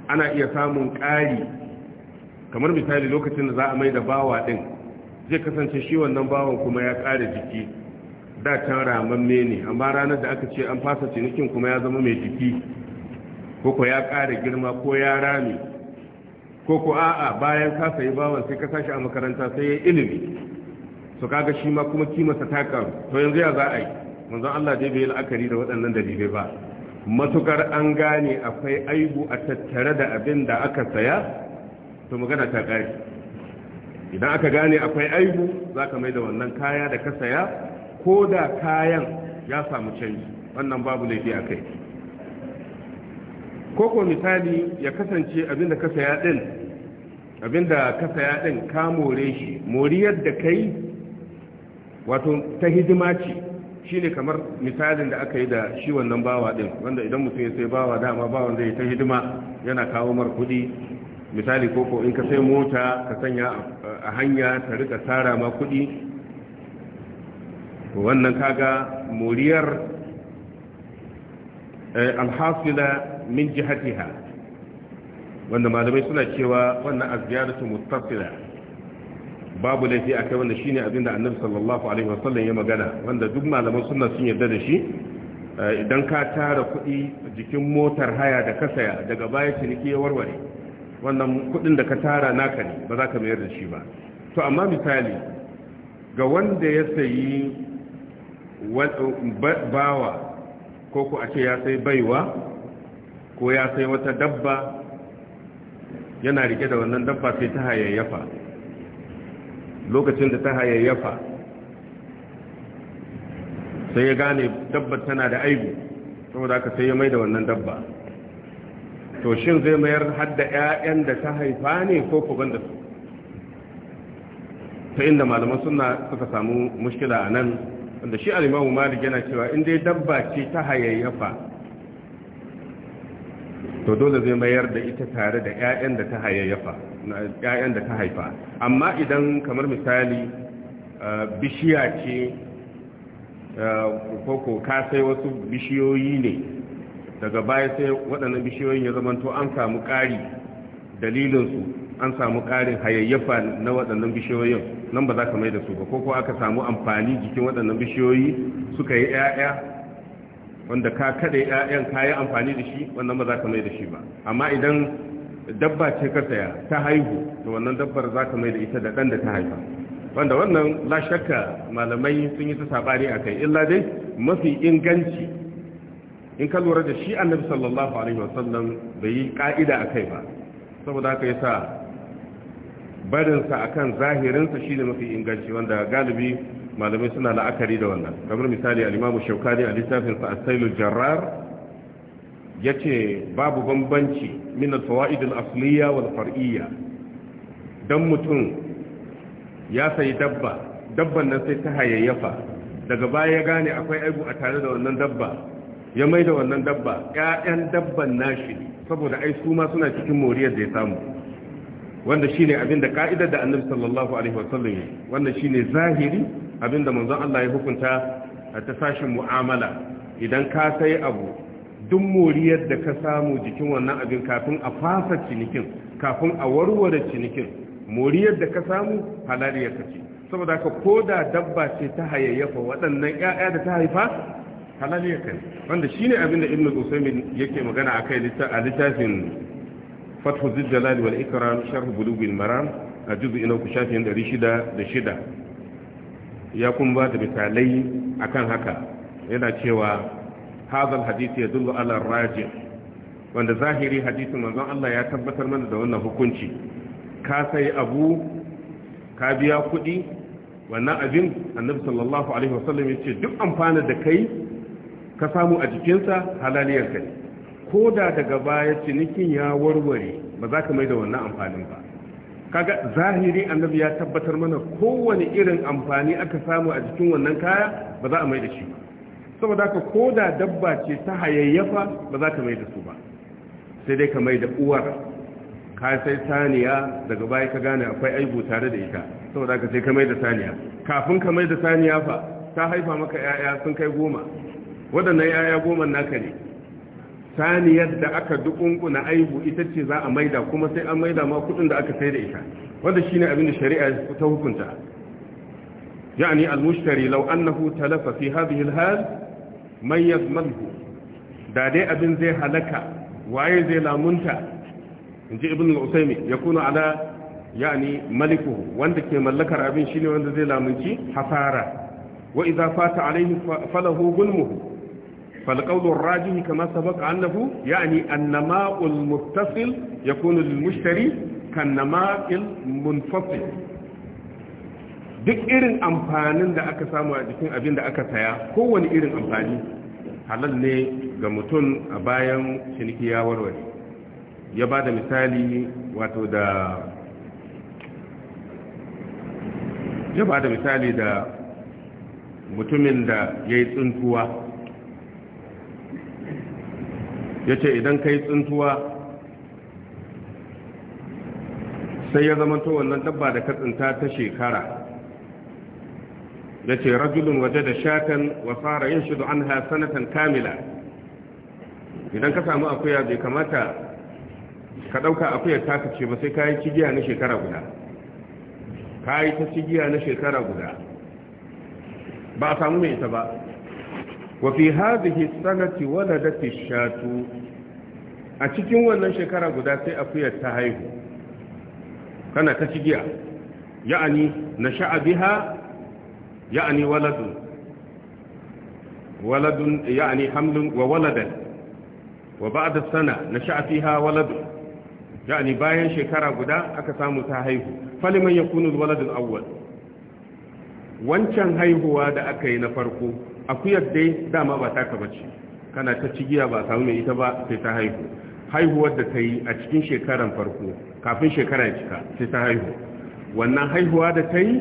ana iya samun ƙari kamar misali lokacin da za a mai da bawa ɗin, zai kasance shi wannan bawan kuma ya ƙare jiki da can ramamme ne amma ranar da aka ce an fasa cinikin kuma ya zama mai jiki ko ko ya ƙare girma ko ya rame ko ko a'a bayan ka sayi bawan sai ka sashi a makaranta sai ya ilimi su kaga shi ma kuma kimasa ta karu to yanzu ya za a yi manzon Allah dai bai yi la'akari da waɗannan dalibai ba matukar an gane akwai aibu a tattare da abin da aka saya to magana ta kare idan aka gane akwai aibu za ka mai da wannan kaya da ka saya ko da kayan ya samu canji wannan babu laifi a kai Koko misali ya kasance abinda ka saya din abinda ka saya din ka more shi moriyar da kai wato ta hidima ce shine kamar misalin da aka yi da shi wannan bawa din wanda idan mutum ya sai bawa dama bawan zai ta hidima yana kawo mar kudi misali koko in ka sai mota ka sanya a hanya ta rika tara ma kudi wannan kaga moriyar eh, alhasila min jihatiha wanda malamai suna cewa wannan aziyaratu mustafila babu laifi a kai wanda shine abinda annabi sallallahu alaihi wasallam ya magana wanda duk malaman suna sun yarda da shi eh, idan ka tara kuɗi jikin motar haya da ka saya daga baya ciniki ya warware wannan kuɗin da ka tara naka ne ba za ka mayar da shi ba to amma misali ga wanda ya sayi bawa ko ku a ce ya sai baiwa ko ya sai wata dabba yana rike da wannan dabba sai ta hayayyafa lokacin da ta hayayyafa sai ya gane dabba tana da aibu saboda haka sai ya mai da wannan dabba to shin zai mayar hadda 'ya'yan da ta haifa ne ko kuban da su ta inda malaman suna suka samu mushkila a nan wanda shi alimamu malik yana cewa inda dabba ce ta hayayyafa to dole zai mayar da ita tare da ƴaƴan da ta hayayyafa ƴaƴan da ta haifa amma idan kamar misali bishiya ce koko ka sai wasu bishiyoyi ne daga baya sai waɗannan bishiyoyin ya zamanto an samu ƙari dalilinsu an samu ƙarin hayayyafa na waɗannan bishiyoyin nan ba za ka mai da su ba ko aka samu amfani jikin waɗannan bishiyoyi suka yi 'ya'ya wanda ka kada 'ya'yan ka amfani da shi wannan ba za ka mai da shi ba amma idan dabba ce ka saya ta haihu to wannan dabbar za ka mai da ita da ɗan da ta haifa wanda wannan la shakka malamai sun yi ta sabani a kai illa dai mafi inganci in ka lura da shi annabi sallallahu alaihi wasallam bai yi ka'ida a kai ba saboda haka yasa barinsa akan zahirinsa shine mafi inganci wanda galibi malamai suna la'akari da wannan kamar misali Alimamu shaukari a littafin sa asailul jarrar ce babu bambanci min al-fawaid asliya wal far'iyya dan mutum ya sayi dabba dabban nan sai ta hayayyafa daga baya ya gane akwai aibu a tare da wannan dabba ya maida wannan dabba ƴaƴan dabban nashi saboda ai su ma suna cikin moriyar da ya samu wanda shine abin da ka'idar da Annabi sallallahu alaihi wasallam wannan shine zahiri abinda manzon Allah ya hukunta a ta sashin mu'amala idan ka sai abu duk moriyar da ka samu jikin wannan abin kafin a fasa cinikin kafin a warware cinikin moriyar da ka samu halaliyar ka ce saboda ka koda dabba ce ta hayayyafa waɗannan ƴaƴa da ta haifa halaliyar ka ne wanda shine abin da Ibn Usaymin yake magana a kai a littafin Fathu Jalal wal Ikram Sharh Bulughil Maram a juz'i na shida. ya kuma ba da misalai akan haka yana cewa hazal hadisi ya dullu ala rajin wanda zahiri hadisin manzon Allah ya tabbatar mana da wannan hukunci ka sai abu ka biya kuɗi wannan abin annabi sallallahu alaihi wasallam ya ce duk amfani da kai ka samu a jikinsa halaliyar ko da daga baya cinikin ya warware ba za ka mai da wannan amfanin ba kaga zahiri annabi ya tabbatar mana kowane irin amfani aka samu a jikin wannan kaya ba za a mai da shi ba saboda haka ko da dabba ce ta hayayyafa ba za ka mai da su ba sai dai ka mai da uwar ka sai saniya daga baya ka gane akwai aibu tare da ita saboda haka sai ka mai da saniya kafin ka mai da saniya fa ta haifa maka 'ya'ya sun kai goma waɗannan 'ya'ya goma naka ne saniyar da aka dukunkuna aihu ita ce za a maida kuma sai an maida ma kudin da aka sai da ita wanda ne abin da shari'a ta hukunta yani al-mushtari law annahu talafa fi hadhihi al-hal man da dai abin zai halaka waye zai lamunta inji ibn al ya yakunu ala yani maliku wanda ke mallakar abin ne wanda zai lamunci hasara wa idza fata alaihi falahu gulmuhu فالقول الراجح كما سبق أنه يعني النماء المتصل يكون للمشتري كالنماء المنفصل duk irin amfanin da aka samu a jikin abin da aka saya kowane irin amfani halal ne ga mutum a bayan ciniki ya warware ya ba da misali wato da ya ba da misali da mutumin da ya yi tsuntuwa ya ce idan ka yi tsintuwa sai ya zama to wannan dabba da ka tsinta ta shekara ya ce rajulun waje da shatan wasara yin shudu an sanatan kamila idan ka samu akuya bai kamata ka ɗauka akuyar taka ce ba sai ka yi cigiya na shekara guda ka yi ta cigiya na shekara guda ba a samu mai ita ba wafi hazihi sanati waladati shatu a cikin wannan shekara guda sai akuyar ta haihu kana ta cigiya ya'ani na sha'abiha ya'ani waladun waladun ya'ani hamlin wa waladan wa ba'da sana na sha'afiha waladun ya'ani bayan shekara guda aka samu ta haihu faliman ya kunu waladul awwal wancan haihuwa da aka yi na farko akuyar dai dama ba taka bace kana ta cigiya ba samu mai ita ba sai ta haihu haihuwar da ta yi a cikin shekaran farko kafin shekara cika sai ta haihu wannan haihuwa da ta yi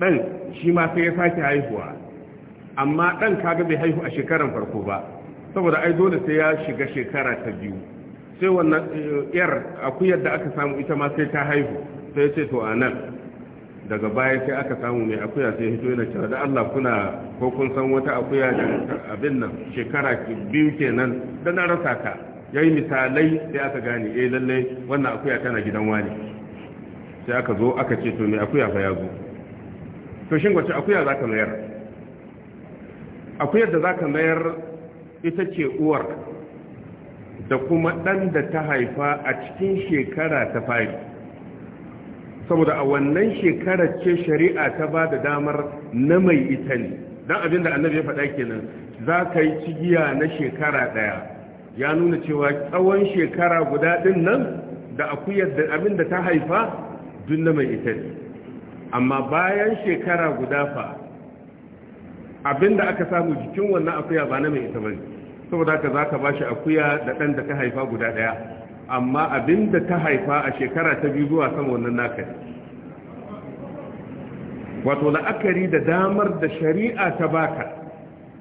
ɗan shi ma sai ya sake haihuwa amma ɗan kaga bai haihu a shekaran farko ba saboda ai dole sai ya shiga shekara ta biyu sai wannan eh, yar akuyar da aka samu ita ma sai ta haihu sai ce to a nan daga baya sai aka samu mai akuya sai hito yana cewa da Allah kuna ko kun san wata akuya da abin nan shekara biyu kenan da na rasa ta yayi misalai sai aka gane eh lalle wannan akuya tana gidan wani sai aka zo aka ce to mai akuya fa ya zo to shin wace akuya zaka mayar akuyar da zaka mayar ita ce uwar da kuma dan da ta haifa a cikin shekara ta fari saboda a wannan shekarar ce shari'a ta ba da damar na mai ita ne don abin da annabi ya faɗa kenan za ka yi cigiya na shekara ɗaya ya nuna cewa tsawon shekara guda ɗin nan da akuyar da abin da ta haifa dun na mai ita ne amma bayan shekara guda fa abin da aka samu jikin wannan akuya ba na mai ita ba ne saboda haka za ka ba shi akuya da ɗan da ta haifa guda ɗaya amma abin da ta haifa a shekara ta biyu zuwa sama wannan naka ne wato la'akari da damar da shari'a ta baka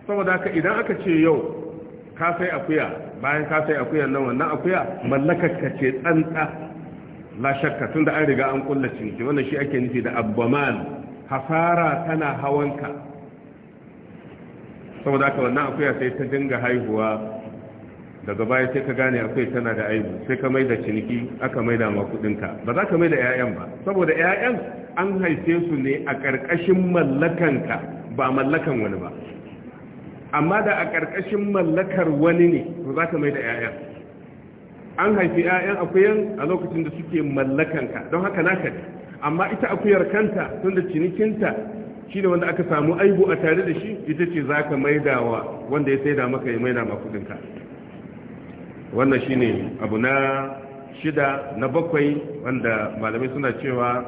saboda haka idan aka ce yau ka sai akuya bayan ka sai akuya nan wannan akuya mallakar ka ce tsantsa la shakka tunda an riga an kulla ciniki wannan shi ake nufi da abbaman hasara tana hawanka saboda haka wannan akuya sai ta dinga haihuwa daga baya sai ka gane akwai tana da aibu sai ka maida ciniki aka maida ma kudinka ba za ka maida ƴaƴan ba saboda ƴaƴan an haife su ne a ƙarƙashin mallakanka ba mallakan wani ba amma da a ƙarƙashin mallakar wani ne to za ka maida ƴaƴan an haifi ƴaƴan akuyan a lokacin da suke mallakanka don haka naka ne amma ita akuyar kanta da cinikinta shi ne wanda aka samu aibu a tare da shi ita ce za ka maida wa wanda ya da maka ya maida ma kudinka wannan shine abu na shida na bakwai wanda malamai suna cewa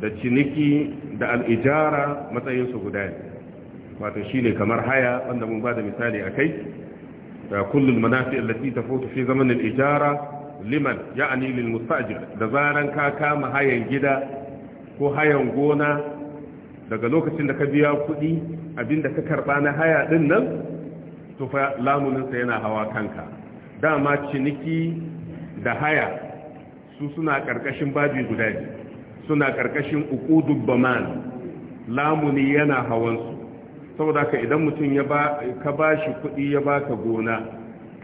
da ciniki da al'ijara matsayinsu guda ne wato shine kamar haya wanda mun ba da misali a kai da kullum manafi allati ta foto fi zamanin ijara liman ya'ani lil mustajir da zaran ka kama hayan gida ko hayan gona daga lokacin da ka biya kuɗi abinda ka karba na haya din nan to fa lamuninsa yana hawa kanka dama ciniki da haya su suna ƙarƙashin babi guda ne suna ƙarƙashin uku baman lamuni yana hawan su saboda ka idan mutum ya ba ka bashi kuɗi ya baka gona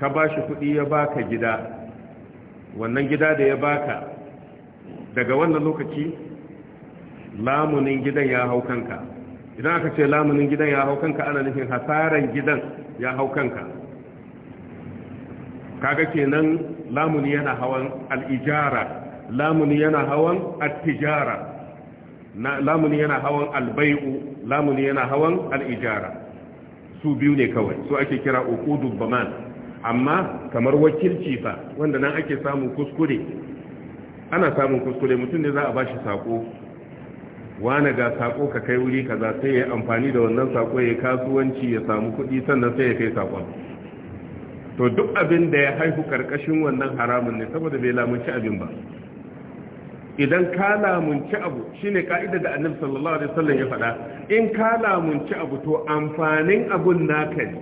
ka bashi kuɗi ya baka gida wannan gida da ya baka daga wannan lokaci lamunin gidan ya hau kanka idan aka ce lamunin gidan ya hau kanka ana nufin hasaran gidan ya hau kanka kaga kenan lamun yana hawan al-ijara lamun yana hawan at-tijara lamun yana hawan al-bai'u lamun yana hawan al-ijara su biyu ne kawai su ake kira uqudud baman amma kamar wakilci fa wanda nan ake samun kuskure ana samun kuskure mutum ne za a bashi sako wane ga sako ka kai wuri kaza sai ya amfani da wannan sako ya kasuwanci ya samu kuɗi sannan sai ya kai sakon to duk abin da ya haihu karkashin wannan haramun ne saboda bai lamunci abin ba idan ka lamunci abu shine ka'ida da annabi sallallahu alaihi wasallam ya faɗa in ka lamunci abu to amfanin abun naka ne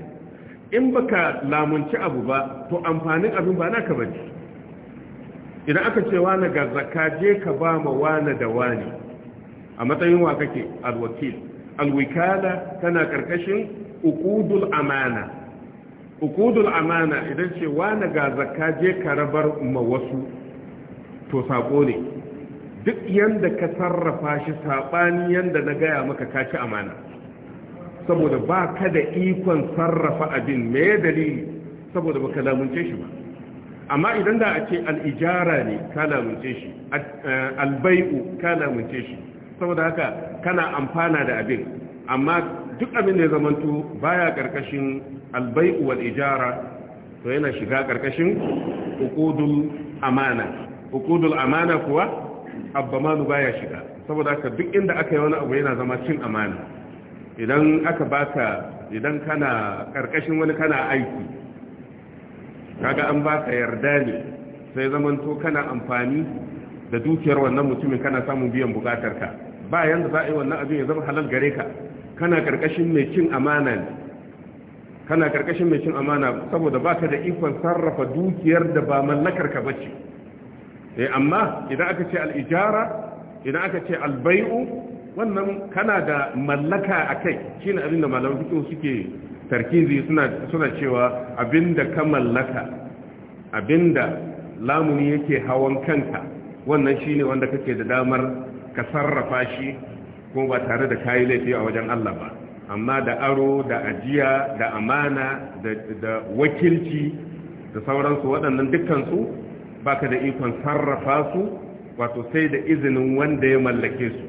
in baka lamunci abu ba to amfanin abin ba naka bane idan aka ce wani ga zakka je ka ba ma wani da wani a matsayin wa kake alwakil alwikala tana karkashin uqudul amana ukudul amana idan ce wani ga zakka je ka rabar ma wasu to sako ne duk yanda ka sarrafa shi sabani yanda na gaya maka ka ci amana saboda ba ka da ikon sarrafa abin me dalili saboda ka lamunce shi ba amma idan da a ce al'ijara ne ka lamunce shi eh, albai'u ka lamunce shi saboda haka kana amfana da abin amma duk abin da ya zamanto baya karkashin albai'u wal ijara to yana shiga karkashin uqudul amana uqudul amana kuwa abbamanu baya shiga saboda haka duk inda aka yi wani abu yana zama cin amana idan aka baka idan kana karkashin wani kana aiki kaga an baka yarda ne sai zamanto kana amfani da dukiyar wannan mutumin kana samun biyan bukatarka ba yanda za a yi wannan abin ya zama halal gare ka kana karkashin mai cin amana ne kana karkashin mai cin amana saboda baka da ikon sarrafa dukiyar da ba mallakar ka bace eh amma idan aka ce al-ijara idan aka ce al-bai'u wannan kana da mallaka akai shine abin da malaman suke tarkizi suna suna cewa abinda ka mallaka abinda lamuni yake hawan kanka wannan shine wanda kake da damar ka sarrafa shi ko ba tare da kayi laifi a wajen Allah ba amma da aro da ajiya da amana da wakilci da sauransu waɗannan dukkansu baka da ikon sarrafa su wato sai da izinin wanda ya mallake su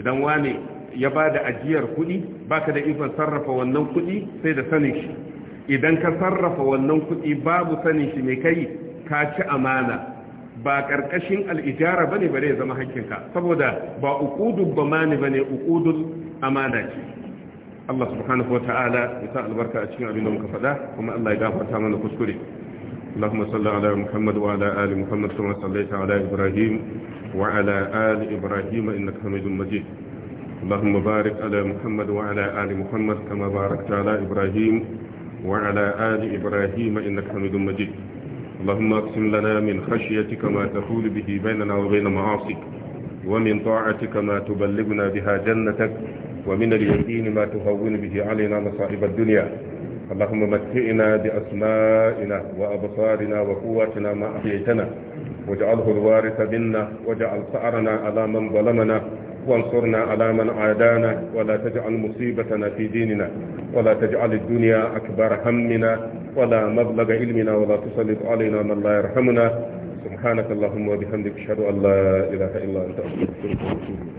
idan wani ya ba da ajiyar kuɗi baka da ikon sarrafa wannan kuɗi sai da sanin shi idan ka sarrafa wannan kuɗi babu sanin shi mai kai ka ci amana ba ƙarƙashin al'ijara ba ne ba zama hakkinka saboda ba uƙudun ba mani ba ne uƙudun amana ce Allah subhanahu wa ta'ala ya sa albarka a cikin abin da muka faɗa kuma Allah ya gafarta mana kuskure. Allahumma salli ala Muhammad wa ala ali Muhammad kuma sallaita ala Ibrahim wa ala ali Ibrahim innaka Hamidum Majid. Allahumma barik ala Muhammad wa ali Muhammad kama barakta ala Ibrahim wa ala ali Ibrahim innaka Hamidum Majid. اللهم اقسم لنا من خشيتك ما تحول به بيننا وبين معاصيك ومن طاعتك ما تبلغنا بها جنتك ومن اليقين ما تهون به علينا مصائب الدنيا اللهم متئنا بأسمائنا وأبصارنا وقواتنا ما أحييتنا واجعله الوارث منا واجعل ثأرنا على من ظلمنا وانصرنا على من عادانا ولا تجعل مصيبتنا في ديننا ولا تجعل الدنيا أكبر همنا ولا مبلغ علمنا ولا تسلط علينا من لا يرحمنا سبحانك اللهم وبحمدك اشهد ان لا اله الا انت استغفرك واتوب اليك